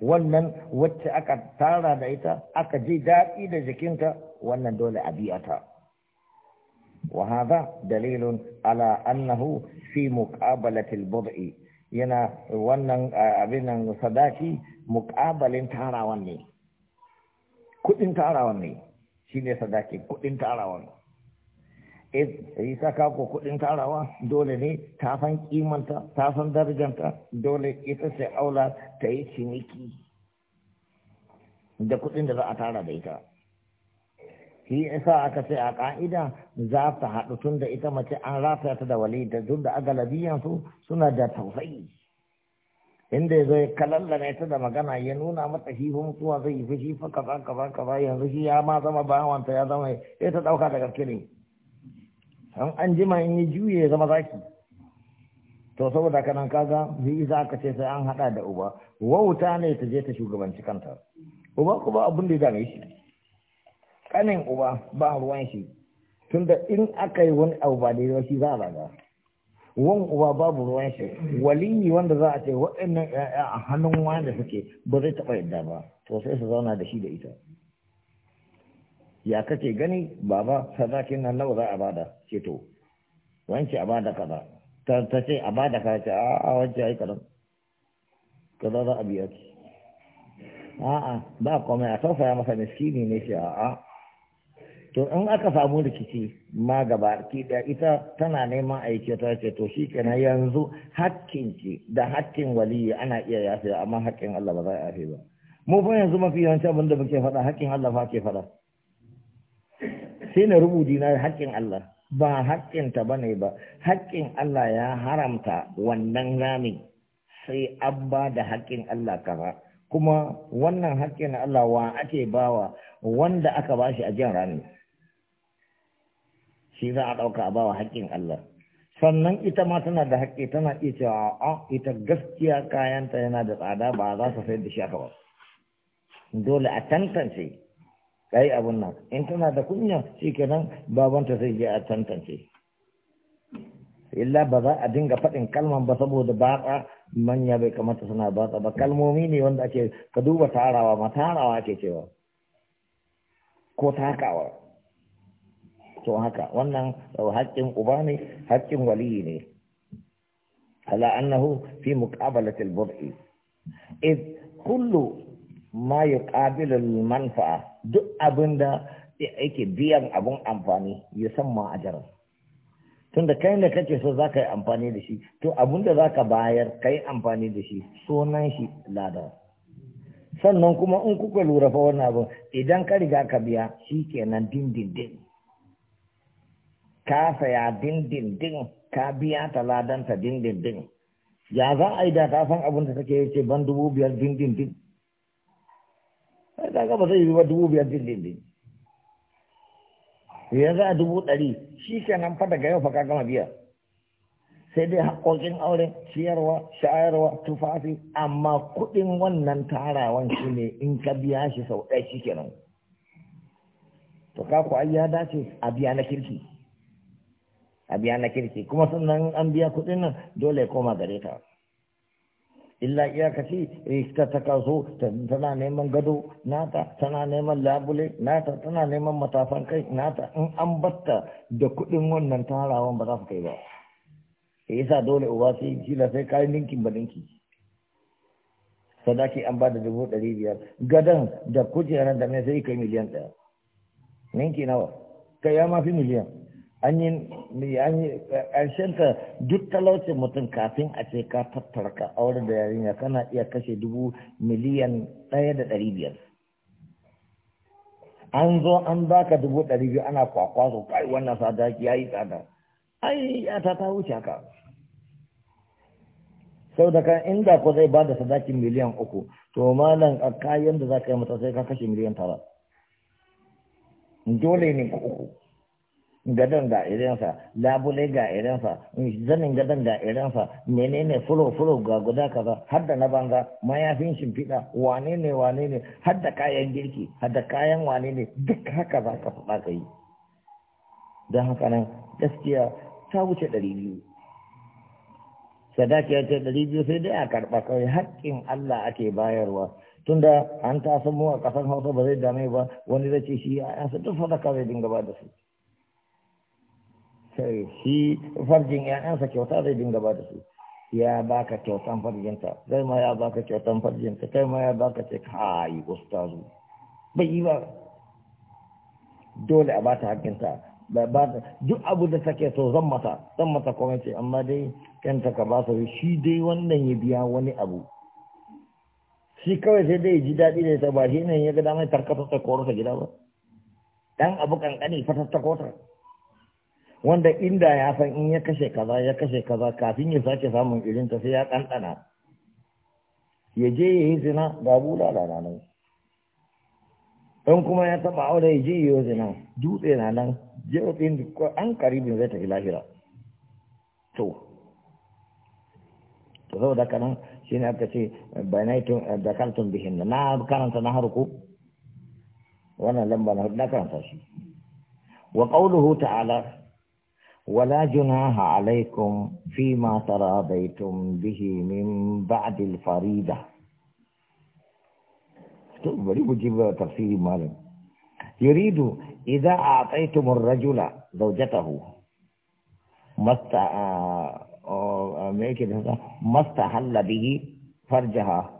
wannan wacce aka tara da ita aka ji daɗi da jikinta wannan dole a biyata وهذا دليل على أنه في مقابلة البضع yana wannan abin nan sadaki muƙabalin tarawan ne kudin tarawan ne shi ne sadaki kuɗin tarawan yi eh, saka ko kudin tarawa dole ne ta san kimanta ta san darajanta dole ita sai aula ta yi ciniki da kudin da za a tara da ita shi isa aka ce a ka'ida za ta haɗu tun da ita mace an rataya ta da wali da duk da agalabiyansu suna da tausayi inda ya zo ya na ta da magana ya nuna mata shi mutuwa zai yi fushi fa kaza kaza kaza yanzu shi ya ma zama bawanta ya zama ya ta ɗauka da gaske ne an an jima in yi juye ya zama zaki to saboda kanan kaga zai za ka ce sai an haɗa da uba wauta ne ta je ta shugabanci kanta uba kuma abin da ya dame shi kanin uba ba ruwan shi tunda in aka yi wani abu ba yawa shi za a raga wan uba babu ruwan shi waliyi wanda za a ce waɗannan ƴaƴa a hannun wanda suke ba zai taɓa yadda ba to sai su zauna da shi da ita ya kake gani baba sadakin nan nawa za a bada ce to wance a bada kaza ta ce a bada kaza ce a a wance ai kaza kaza za a biya ki a'a ba komai a tausaya masa miskini ne shi a'a to in aka samu rikici ma gaba ki da ita tana neman aiki ta ce to shi kenan yanzu hakkin ki da hakkin waliyi ana iya yafe amma hakkin Allah ba za a yafe ba mu fa yanzu mafi yawanci abin da muke faɗa hakkin Allah fa ke faɗa sai na rubuta na hakkin Allah ba hakkin ta bane ba hakkin Allah ya haramta wannan rami sai an da hakkin Allah kaza kuma wannan hakkin Allah wa ake bawa wanda aka bashi a jin rani. shi za a ɗauka a ba wa haƙƙin Allah sannan ita ma tana da haƙƙi tana iya cewa a ita gaskiya kayanta yana da tsada ba za su sayar da shi aka ba dole a tantance kai abun nan in tana da kunya nan babanta zai je a tantance illa ba za a dinga faɗin kalman ba saboda batsa manya bai kamata suna batsa ba kalmomi ne wanda ake ka duba tarawa ma tarawa ake cewa ko takawa to haka wannan eh, haƙƙin uba ne haƙƙin waliyi ne ala annahu fi muqabalatil bud'i id kullu ma yuqabilu al manfa'a duk abinda yake biyan abun amfani ya samma ajran tunda kai ne kake so zaka yi amfani da shi to abinda zaka bayar kai amfani da shi sunan shi lada sannan kuma in kuka lura fa wannan abun idan ka riga ka biya shikenan dindindin ka saya dindindin ka biya ta dindindin ya za a yi da ta san abin da take yace ban dubu biyar dindindin kaga ba zai yi ba dubu biyar dindindin ya za a dubu ɗari shi kenan fa daga yau fa ka gama biya sai dai haƙoƙin aure ciyarwa shayarwa tufafi amma kuɗin wannan tarawan shi ne in ka biya shi sau ɗaya shi nan to ka ku ai ya dace a biya na kirki a biya na kirki kuma sannan an biya kuɗin nan dole ya koma gare ta illa iyakaci ta ta kaso tana neman gado nata tana neman labule nata tana neman matafan kai nata in an batta da kuɗin wannan tarawan ba za su kai ba ya yasa dole uba sai Shila sai kayan ninkin ba ninki sadaki an ba da dubu ɗari biyar gadon da kujeran da mai sai kai miliyan ɗaya ninki nawa kai ya ma fi miliyan an yi ƙarshen ka duk talaucin mutum kafin a ce ka tattara ka aure da yarinya kana iya kashe dubu miliyan ɗaya da ɗari biyar an zo an baka dubu ɗari biyu ana kwakwazo kai wannan sadaki ya yi tsada ai ya ta ta wuce haka sau da kan inda ko zai ba da sadakin miliyan uku to malam a kayan da za ka yi mata sai ka kashe miliyan tara dole ne ku uku gadon ga irinsa labule ga irinsa zanin gadon ga irinsa menene fulo fulo ga guda kaza har da na banza mayafin shimfiɗa wane ne wane ne har da kayan girki har da kayan wane ne duk haka za ka faɗa ka yi don haka nan gaskiya ta wuce ɗari biyu sadaki ce ɗari biyu sai dai a karɓa kawai haƙƙin Allah ake bayarwa tunda an taso mu a ƙasar Hausa ba zai dame ba wani zai ce shi yansa duk sadaka zai dinga ba da su sai shi farjin ‘ya'yansa kyauta zai dinga ba da su ya baka kyautan farjinta zai ma ya baka kyautan farjinta kai ma ya baka ce kai ustazu bai yi ba dole a ba ta hakinta duk abu da take so zan mata zan mata kuma ce amma dai kanta ka ba su shi dai wannan ya biya wani abu shi kawai sai dai ji daɗi da ita ba shi ne ya ga damar tarkatar ta kowar gida ba dan abu kankani fatar ta kotar wanda inda ya san in ya kashe kaza ya kashe kaza kafin ya sake samun irin ta sai ya ɗanɗana ya je ya yi zina ga bula da ranar in kuma ya taɓa aure ya je ya yi zina dutse na nan jirgin an karibin zai tafi lahira to to da kanan shi ne aka ce banaitun uh, da kaltun bihin na karanta na harko wannan lamba na karanta shi wa ƙauluhu ta'ala ولا جناح عليكم فيما تراضيتم به من بعد الفريضة تفسير مالك يريد إذا أعطيتم الرجل زوجته ما استحل به فرجها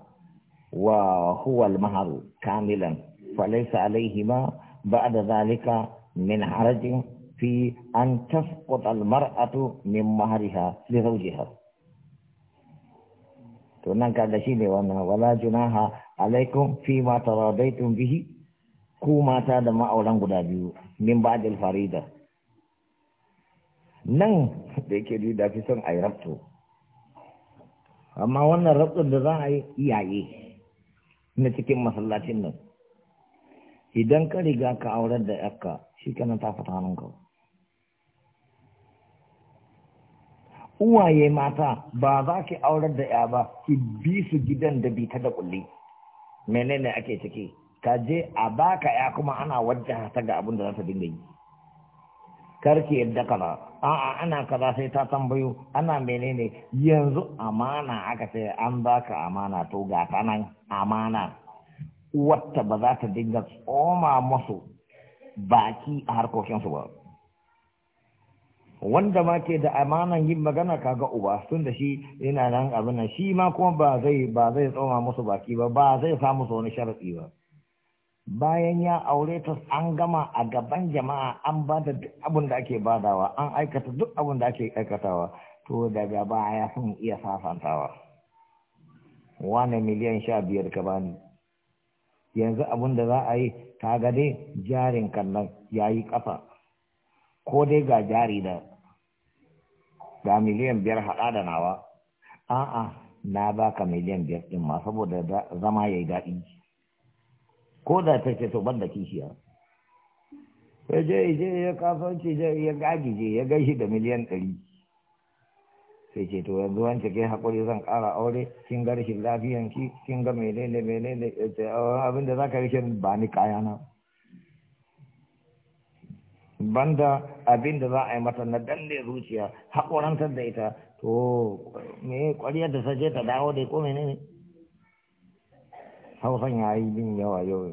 وهو المهر كاملا فليس عليهما بعد ذلك من حرج fi an tasqut al mar'atu min mahariha li zawjiha to nan ka da shi ne wannan wala junaha alaikum fi ma taradaitum bihi ku mata da ma'auran guda biyu min ba'dil farida nan da yake da fi son a yi rabto amma wannan rabton da za a yi iyaye na cikin masallacin nan idan ka riga ka aurar da yakka shi kenan ta fata hannun uwaye mata ba za ki aurar da ya ba ki bi su gidan da bi ta da kulli menene ake ciki ka je a baka ya kuma ana wajen ta ga abin da za ta dinga yi Kar ki yadda kaza a'a ana kaza sai ta tambayo ana menene yanzu amana aka sai an baka amana to ga nan amana wata ba za ta dinga tsoma musu baki a harkokinsu ba wanda ma ke da amanan yin magana kaga uba tun da shi yana nan abin nan shi ma kuma ba zai ba zai tsoma musu baki ba ba zai sa musu wani sharadi ba bayan ya aure ta an gama a gaban jama'a an ba da abin da ake badawa an aikata duk abin da ake aikatawa to daga baya sun iya sasantawa wane miliyan sha biyar ka bani yanzu abin da za a yi ta ga dai jarin nan ya yi ƙasa ko dai ga jari da ga miliyan biyar haɗa da nawa a'a na ba ka miliyan biyar ɗin ma saboda zama ya yi daɗi ko da ta ce to ban da kishiya sai je je ya kasance je ya gagije ya gaishe da miliyan ɗari sai ce to yanzu wance kai haƙuri zan ƙara aure kin ga rashin lafiyanki kin ga menene menene oh, abin da za ka rike ba ni kayana banda abin da za a yi mata na danne zuciya haƙorantar da ita to me ƙwariyar da saje ta dawo da ko mene ne hausan ya yi bin yawa yau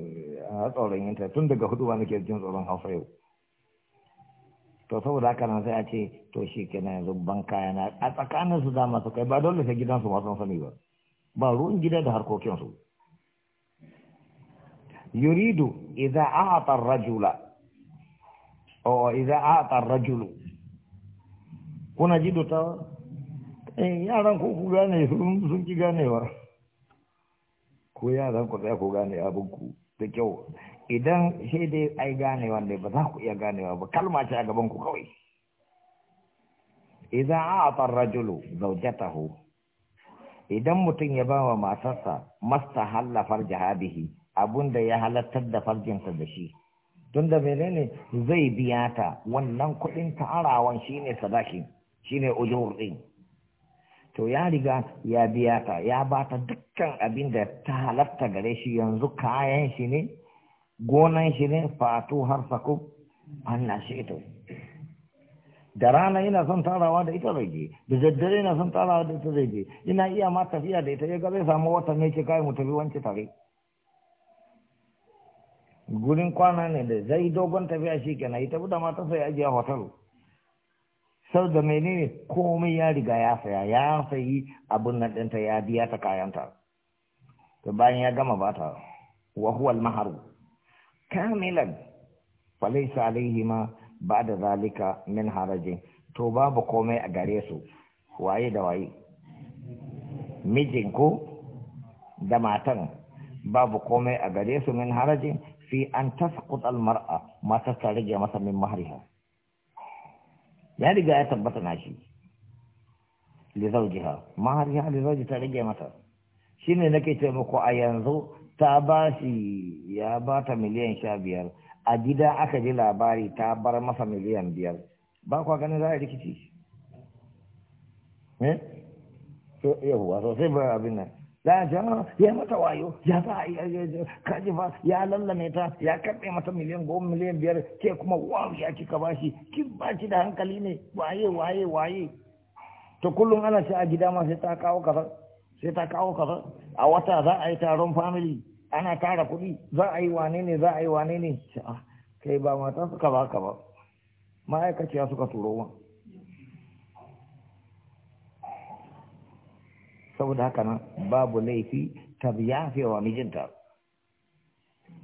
a tsoron yinta tun daga hudu ba nake jin tsoron hausa yau to saboda haka nan sai a ce to shi kenan yanzu ban kaya a tsakanin su dama su kai ba dole sai gidansu ma sun sani ba ba ruwan gida da harkokinsu yuridu idza a'ata ar-rajula o oh, iza ata ar-rajulu kuna ji ta eh yaran ku ku gane sun ki ganewa ko yaran ku za ku gane abin ku da kyau idan sai dai ai wa ne ba za ku iya wa ba kalma ce a gaban ku kawai idza ata ar-rajulu zawjatahu idan mutum ya bawa matarsa masta hallafar jahabihi abunda ya halattar da farjinsa da shi don da menene zai biya ta wannan kuɗin ta'arawan shine sadakin shine ujur ɗin to ya riga ya biya ta ya ba ta dukkan abin da ta halatta gare shi yanzu kayan shi ne gonan shi ne fatu har sako na shi ito da rana ina son tarawa da ita rage da daddare ina son tarawa da ita rage ina iya ma tafiya da ita ya ga zai samu wata ne ce kai mu tafi wance tare gurin kwana ne da zai dogon tafiya shi ke ita da mata sai ajiye hotel sau da menene komai ya riga ya saya ya sayi abin nan ɗinta ya biya ta kayanta ta bayan ya gama bata ta wahuwal maharu kamilan falai salihi ma da zalika min harajin to babu komai a gare su waye da waye mijin ko da matan babu komai a gare su min harajin fi an tasqut mar'a mata ta rage masa min mahriha ya riga ya tabbata na shi li zawjiha mahriha li zawji ta rage mata shine nake ce muku a yanzu ta ba shi ya ba ta miliyan sha biyar a gida aka ji labari ta bar masa miliyan biyar ba kwa ganin za a rikici eh so sosai ba abin nan da ya ya mata wayo ya za a yi kaji ba ya lallame ta ya karɓe mata miliyan goma miliyan biyar ke kuma wow ya kika Kin ki shi da hankali ne waye waye waye to kullum ana shi a gida ma sai ta kawo kaza sai ta kawo a wata za a yi taron family ana tara kuɗi za a yi wane ne za a yi wane ne kai ba mata suka ka ba ma'aikaciya suka turo wa saboda haka nan babu laifi ta yafe wa mijinta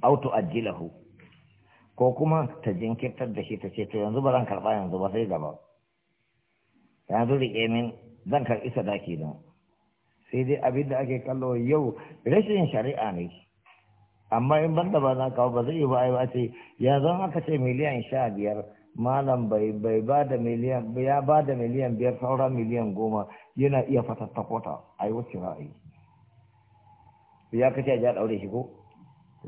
auto ajilahu ko kuma ta jinkirtar da shi ta ce to yanzu ba zan karɓa yanzu ba sai gaba yanzu riƙe min zan karɓi sadaki na. sai dai abin da ake kallo yau rashin shari'a ne amma in ban da ba za kawo ba zai yi ba a ce ya zan aka ce miliyan sha biyar malam bai ba da miliyan ya ba da miliyan biyar saura miliyan goma yana iya fatattafota a yi wacce ra'ayi ya kashe ya daure shi ko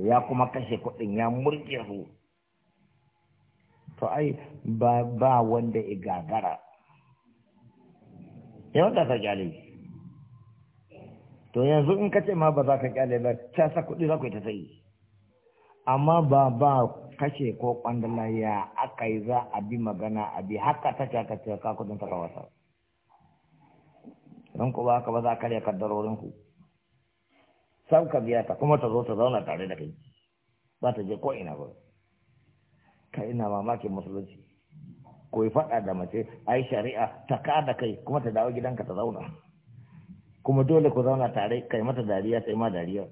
ya kuma kashe kuɗin ya murke su to ai ba ba wanda ya gagara ya wanda ta kyale to yanzu in ka ce ma ba za ka kyale ba ta sa kudi za ku yi ta sai amma ba ba kashe ko kwandala ya aka yi za a bi magana a bi haka ta ce aka ce ka kudin ta kawasa don ku ba ka ba za ka karya kaddarorin ku sau ka biya ta kuma ta zo ta zauna tare da kai ba ta je ko ina ba Ka ina mamakin musulunci ko yi fada da mace ai shari'a ta kada kai kuma ta dawo gidanka ta zauna kuma dole ku zauna tare kai mata dariya sai ma dariya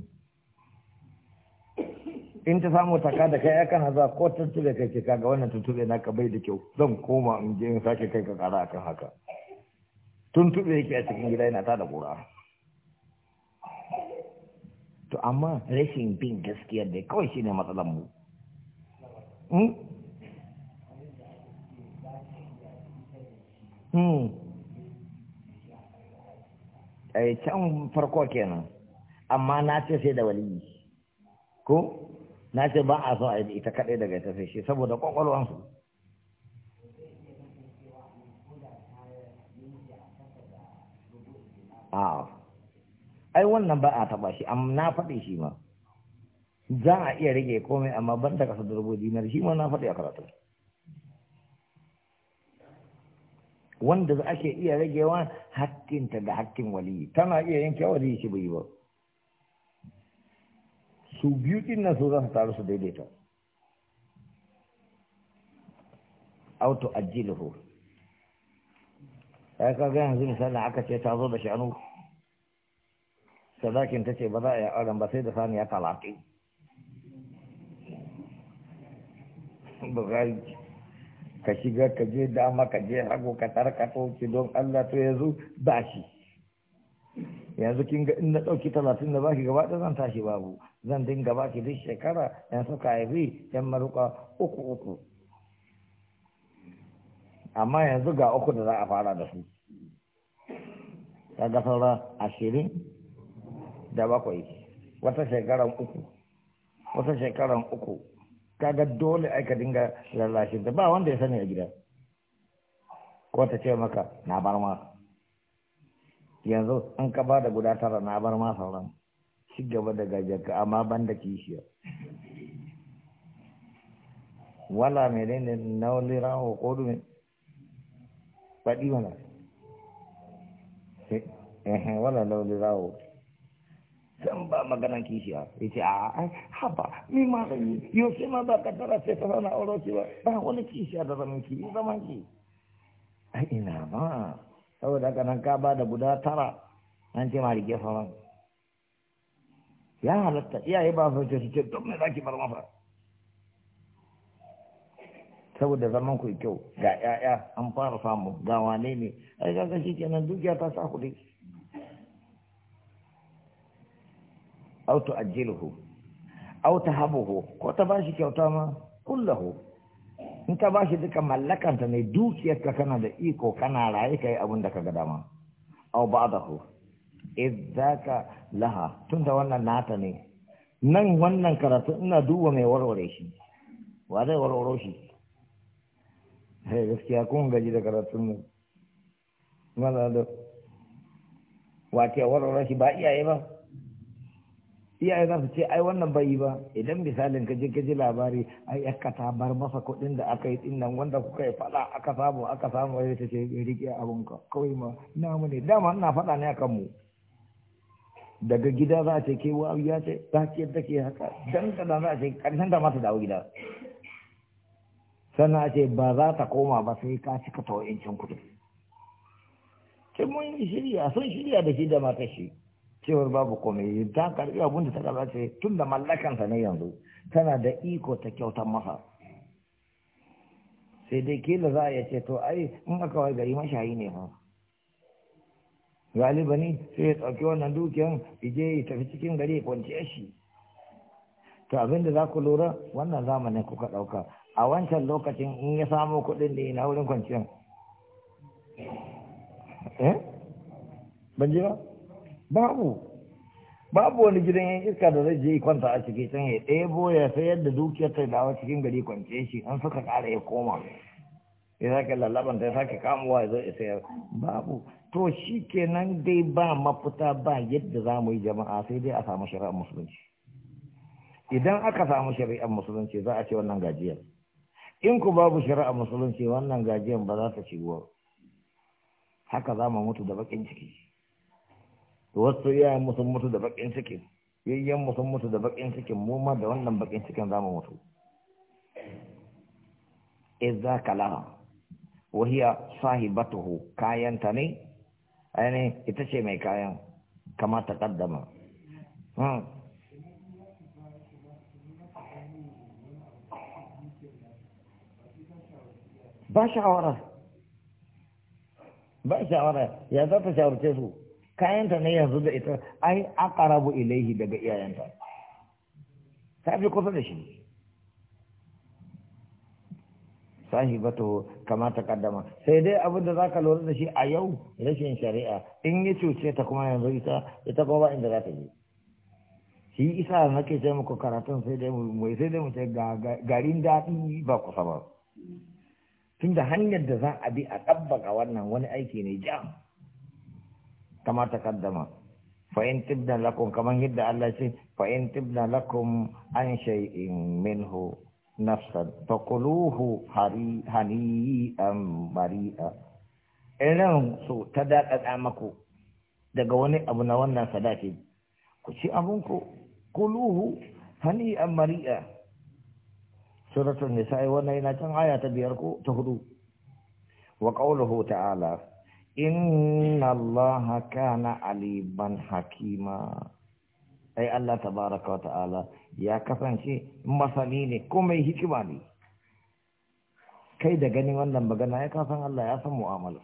in ta samu taka da kai yakan haza ko tuntube kai ce kaga wannan tuntube na ka bai da kyau zan koma in je in sake kai ka kara akan haka tuntube yake a cikin gida yana tada kura to amma rashin bin gaskiya da kawai shine matsalar mu ai hmm? hmm. eh, can farko kenan amma na ce sai da waliyi ko na ce ba a so a ita kaɗai daga ita sai shi saboda kwakwalwansu a ai wannan ba a taba shi amma na faɗi shi ma za a iya rage komai amma ban da kasa durbo dinar shi ma na faɗi a karatu wanda za ake iya ragewa hakkinta da hakkin wali, tana iya yanke waliyi shi bai ba su biyu din nan su za su taru su daidaita auto ajiluhu ya kaga yanzu misalin aka ce ta zo da shanu sadakin ta ce ba za a yi auren ba sai da saniya talatin za ka shiga ka je dama ka je hagu ka tarkato ki don Allah to yanzu ba shi yanzu kin ga in ɗauki talatin da baki gaba ɗaya zan tashi babu zan dinga baki duk shekara yan suka haifi yan maruka uku uku amma yanzu ga uku da za a fara da su ta ga saura ashirin da bakwai wata shekaran uku wata shekaran uku kaga dole aika dinga lallashin da ba wanda ya sani a gida ko ta ce maka na bar ma yanzu an ka ba da guda tara na bar ma sauran shi gaba da gajarka amma ban da kishiyar wala na wani wa kodu ne faɗi mana eh, eh, wala naulira wa San ba maganan kishiya ya ce a haba ni ma zan yi sai ma ba tara sai ta sana auro cewa ba ba wani kishiya da zaman ki yi zaman ki a ina ma saboda ka nan ka ba da guda tara an ce ma rike sauran ya halatta iyaye ba su ce su ce don me za ki bar masa saboda zaman ku kyau ga 'ya'ya an fara samu ga wane ne ai ga shi kenan dukiya ta sa kuɗi Au tu'ajjiluhu aw tahabuhu ko ta bashi kyauta ma kullahu in ka bashi duka mallakanta ne dukiyar ka kana da iko kana raye kai abin da ga dama aw ba'dahu idzaka laha tunda wannan nata ne nan wannan karatu ina duba mai warware shi wa zai warware shi sai gaskiya kun gaji da karatun mu mana da wace warware shi ba iyaye ba iyaye za su ce ai wannan bai yi ba idan misalin ka je ka labari ai aka ta bar masa kuɗin da aka yi dinnan wanda kuka yi faɗa aka samu aka samu wai ta ce rike abun ka kawai ma na mu ne dama ina faɗa ne akan mu daga gida za a ce ke wa ya ce za ki yadda ke haka dan da za a ce karshen da ma dawo gida sannan a ce ba za ta koma ba sai ka cika ta wa'incin kuɗi. Ke mun shirya sun shirya da shi da matashi. shi. cewar babu komai ta karbi abun da ta kaza ce tun da mallakansa ne yanzu tana da iko ta kyauta masa sai dai kila za a iya ce to ai in aka wai gari mashayi ne fa ne sai ya tsauki wannan dukiyan ije ya tafi cikin gari ya kwanciya shi to abin da za ku lura wannan zamanin kuka ɗauka a wancan lokacin in ya samu kuɗin da ina wurin kwanciyar eh ban ji ba babu babu wani gidan yan iska da zai je kwanta a ciki can ya ɗebo ya sayar yadda dukiyar ta dawo cikin gari kwance shi an suka ƙara ya koma ya sake lallaban ta ya sake kamuwa ya zo ya sayar babu to shi kenan dai ba mafita ba yadda za mu yi jama'a sai dai a samu shari'ar musulunci idan aka samu shari'ar musulunci za a ce wannan gajiyar in ku babu shari'ar musulunci wannan gajiyar ba za ta shigo haka za mu mutu da bakin ciki wasu iyayen mu sun mutu da bakin cikin, yayyen mu sun mutu da bakin cikin mu ma da wannan bakin cikin zamu mutu idza kalaha wa hiya sahibatuhu kayan ta ne ainihin ita ce mai kayan kama ta kaddama hmm. ba shawara ba shawara ya za ta shawarce su kayanta ne yanzu da ita ai aqrabu ilaihi daga iyayenta ta fi kusa da shi sahibatu kama ta kaddama sai dai abin da zaka lura da shi a yau rashin shari'a in ya cuce ta kuma yanzu ita ita kuma ba inda za ta je shi isa nake ce muku karatun sai dai mu sai dai mu ce garin daɗi ba kusa ba tunda hanyar da za a bi a ɗabbaka wannan wani aiki ne jam kama taqaddama fa in tibna lakum kaman yadda Allah ce fa in tibna lakum an shay'in minhu nafsan fakuluhu hari hani'an bari'a Idan su ta daɗaɗa maku daga wani abu na wannan sadaki ku ci abinku kuluhu hani'an mari'a suratul nisa'i wannan yana can aya ta biyar ko ta hudu wa qawluhu ta'ala inna kana aliban hakima ai Allah tabaraka wa ta'ala ya kasance masani ne ko mai hikima ne kai da ganin wannan magana ya kasan Allah ya san mu'amala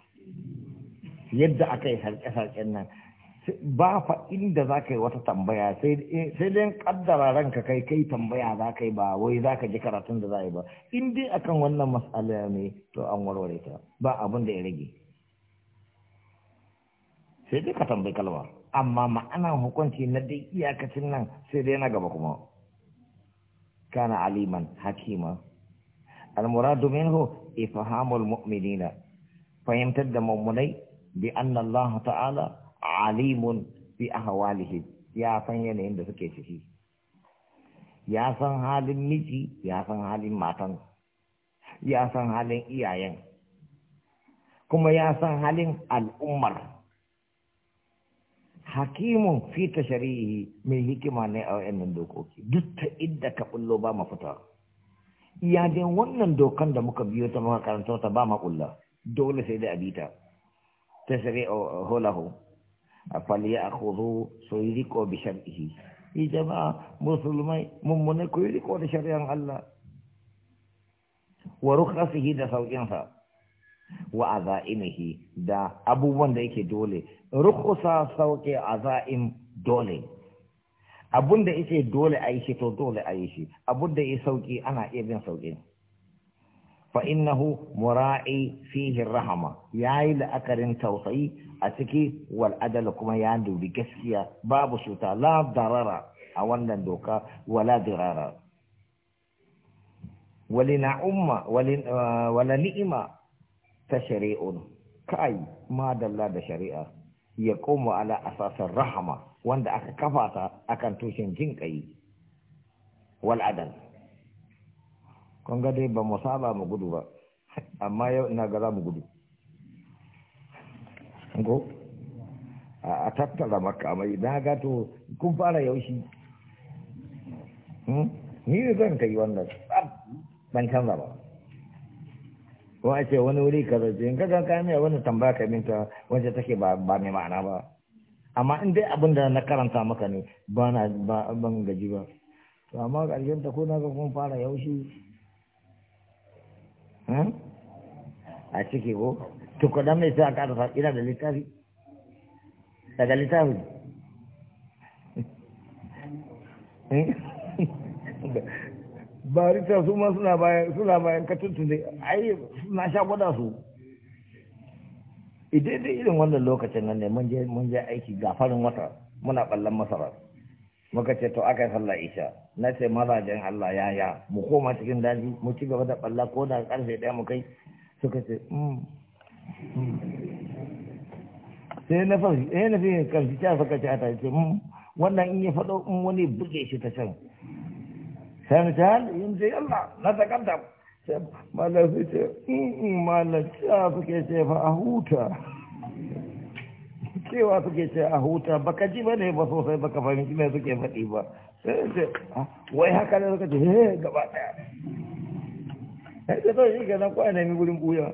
yadda aka yi harƙe-harƙen nan ba fa inda za ka yi wata tambaya sai dai kaddara ranka kai kai tambaya za ka yi ba wai za ka ji karatun da za yi ba in dai akan wannan mas'ala ne to an warware ta ba abin da ya rage sai dai ka tambayi kalma amma ma'ana hukunci na dai iyakacin nan sai dai na gaba kuma kana aliman hakima almuradu minhu ifhamul mu'minina fahimtar da mu'minai bi anna Allah ta'ala alimun bi ahwalihi ya san yanayin da suke ciki ya san halin miji ya san halin matan ya san halin iyayen kuma ya san halin al'ummar hakimun fi shari'i mai hikima ne a wayannan dokoki duk ta idda ka bullo ba ma fita Ya dai wannan dokan da muka biyo ta muka karanta ta ba ma kulla dole sai da abita A hulahu afaliya akhudhu suyriqu bi shar'ihi i jama'a musulmai mummune ku riko da shari'an Allah wa rukhasihi da sauƙinsa wa azaimihi da abubuwan da yake dole rukusa sauke azaim dole abun da yake dole a yi shi to dole a yi shi abun da ya sauki ana iya bin sauki fa innahu mura'i fihi rahama yayi la'akarin tausayi a ciki wal adal kuma ya dubi gaskiya babu cuta la darara a wannan doka wala dirara walina umma eh, wala ni'ima ta shari'un kai madalla da shari'a ya komo ala asasar rahama wanda aka kafa ta akan tushen jin kai wal adal kun ga dai ba mu saba mu gudu ba amma yau ina ga za mu gudu ko a tattara makamai na ga to kun fara yaushi hmm? ni zan kai wannan ban canza ba ko a ce wani wuri ka zai in kaga kayan mai wani tambaya ka minta wanda take ba mai ma'ana ba amma in dai abin da na karanta maka ne ba na ban gaji ba to amma ƙarshen ta ko na ga kun fara yaushi hmm? a ciki ko to ko dan mai sai aka ta ina da littafi daga littafi eh ba rita su ma suna bayan suna bayan ka tuntune ai na sha gwada su idan da irin wannan lokacin nan ne mun je mun je aiki ga farin wata muna ballan masara muka ce to aka sallah isha na ce mazajen Allah ya ya mu koma cikin daji mu ci gaba da balla ko da karfe daya mu kai suka ce mm, mm. sai na fa eh na fi kan karfi ta suka ce ta ce mm wannan in ya fado in wani buge shi ta can sai mu ce hal yin ce yalla na takarda malar su ce in malar cewa suke ce fa a huta cewa suke ce a huta baka ji ba ne ba sosai baka fahimci mai suke faɗi ba sai ce wai haka ne suka ce he gaba ɗaya sai ce to shi ke nan kwa nemi wurin ɓuya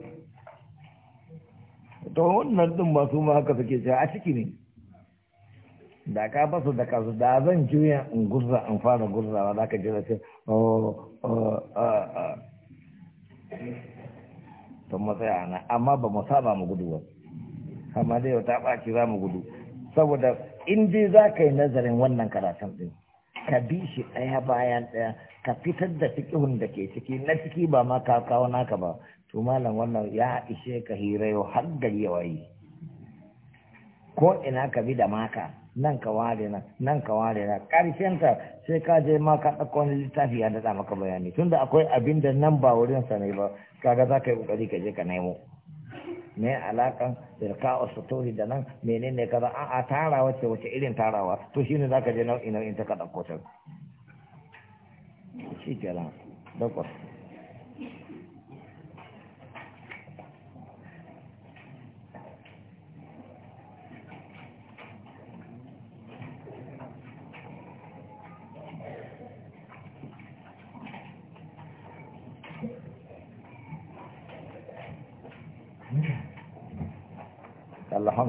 to wannan ɗin masu ma haka suke ce a ciki ne da ka basu da kasu da zan juya in gurza in fara gurzawa za ka ji da o oh, oh, oh, to matsaya ana amma ba mu saba mu gudu ba amma dai ta baki za mu gudu saboda in dai za ka yi nazarin wannan karatun ɗin ka bi shi ɗaya bayan ɗaya ka fitar da fikihun da ke ciki na ciki ba ma ka kawo naka ba to malam wannan ya ishe ka hira har gari yawayi ko ina ka bi da maka nan ka ware nan nan ka ware nan ƙarshen ka sai ka je ma ka ɗauko wani littafi ya daɗa maka bayani tunda akwai abin da nan ba wurin sa ne ba kaga za ka yi ƙoƙari ka je ka nemo me alaƙan irka da nan menene kaza a'a tarawa ce wace irin tarawa to shine za ka je nau'i nau'in ta ka ɗauko ta shi kenan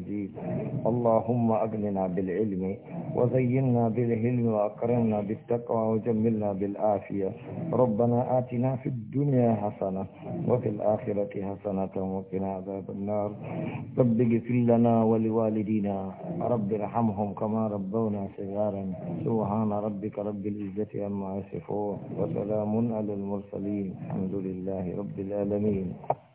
مجيد اللهم أغننا بالعلم وزينا بالهلم وأكرمنا بالتقوى وجملنا بالعافية ربنا آتنا في الدنيا حسنة وفي الآخرة حسنة وقنا عذاب النار رب اغفر لنا ولوالدينا رب ارحمهم كما ربونا صغارا سبحان ربك رب العزة عما يصفون وسلام على المرسلين الحمد لله رب العالمين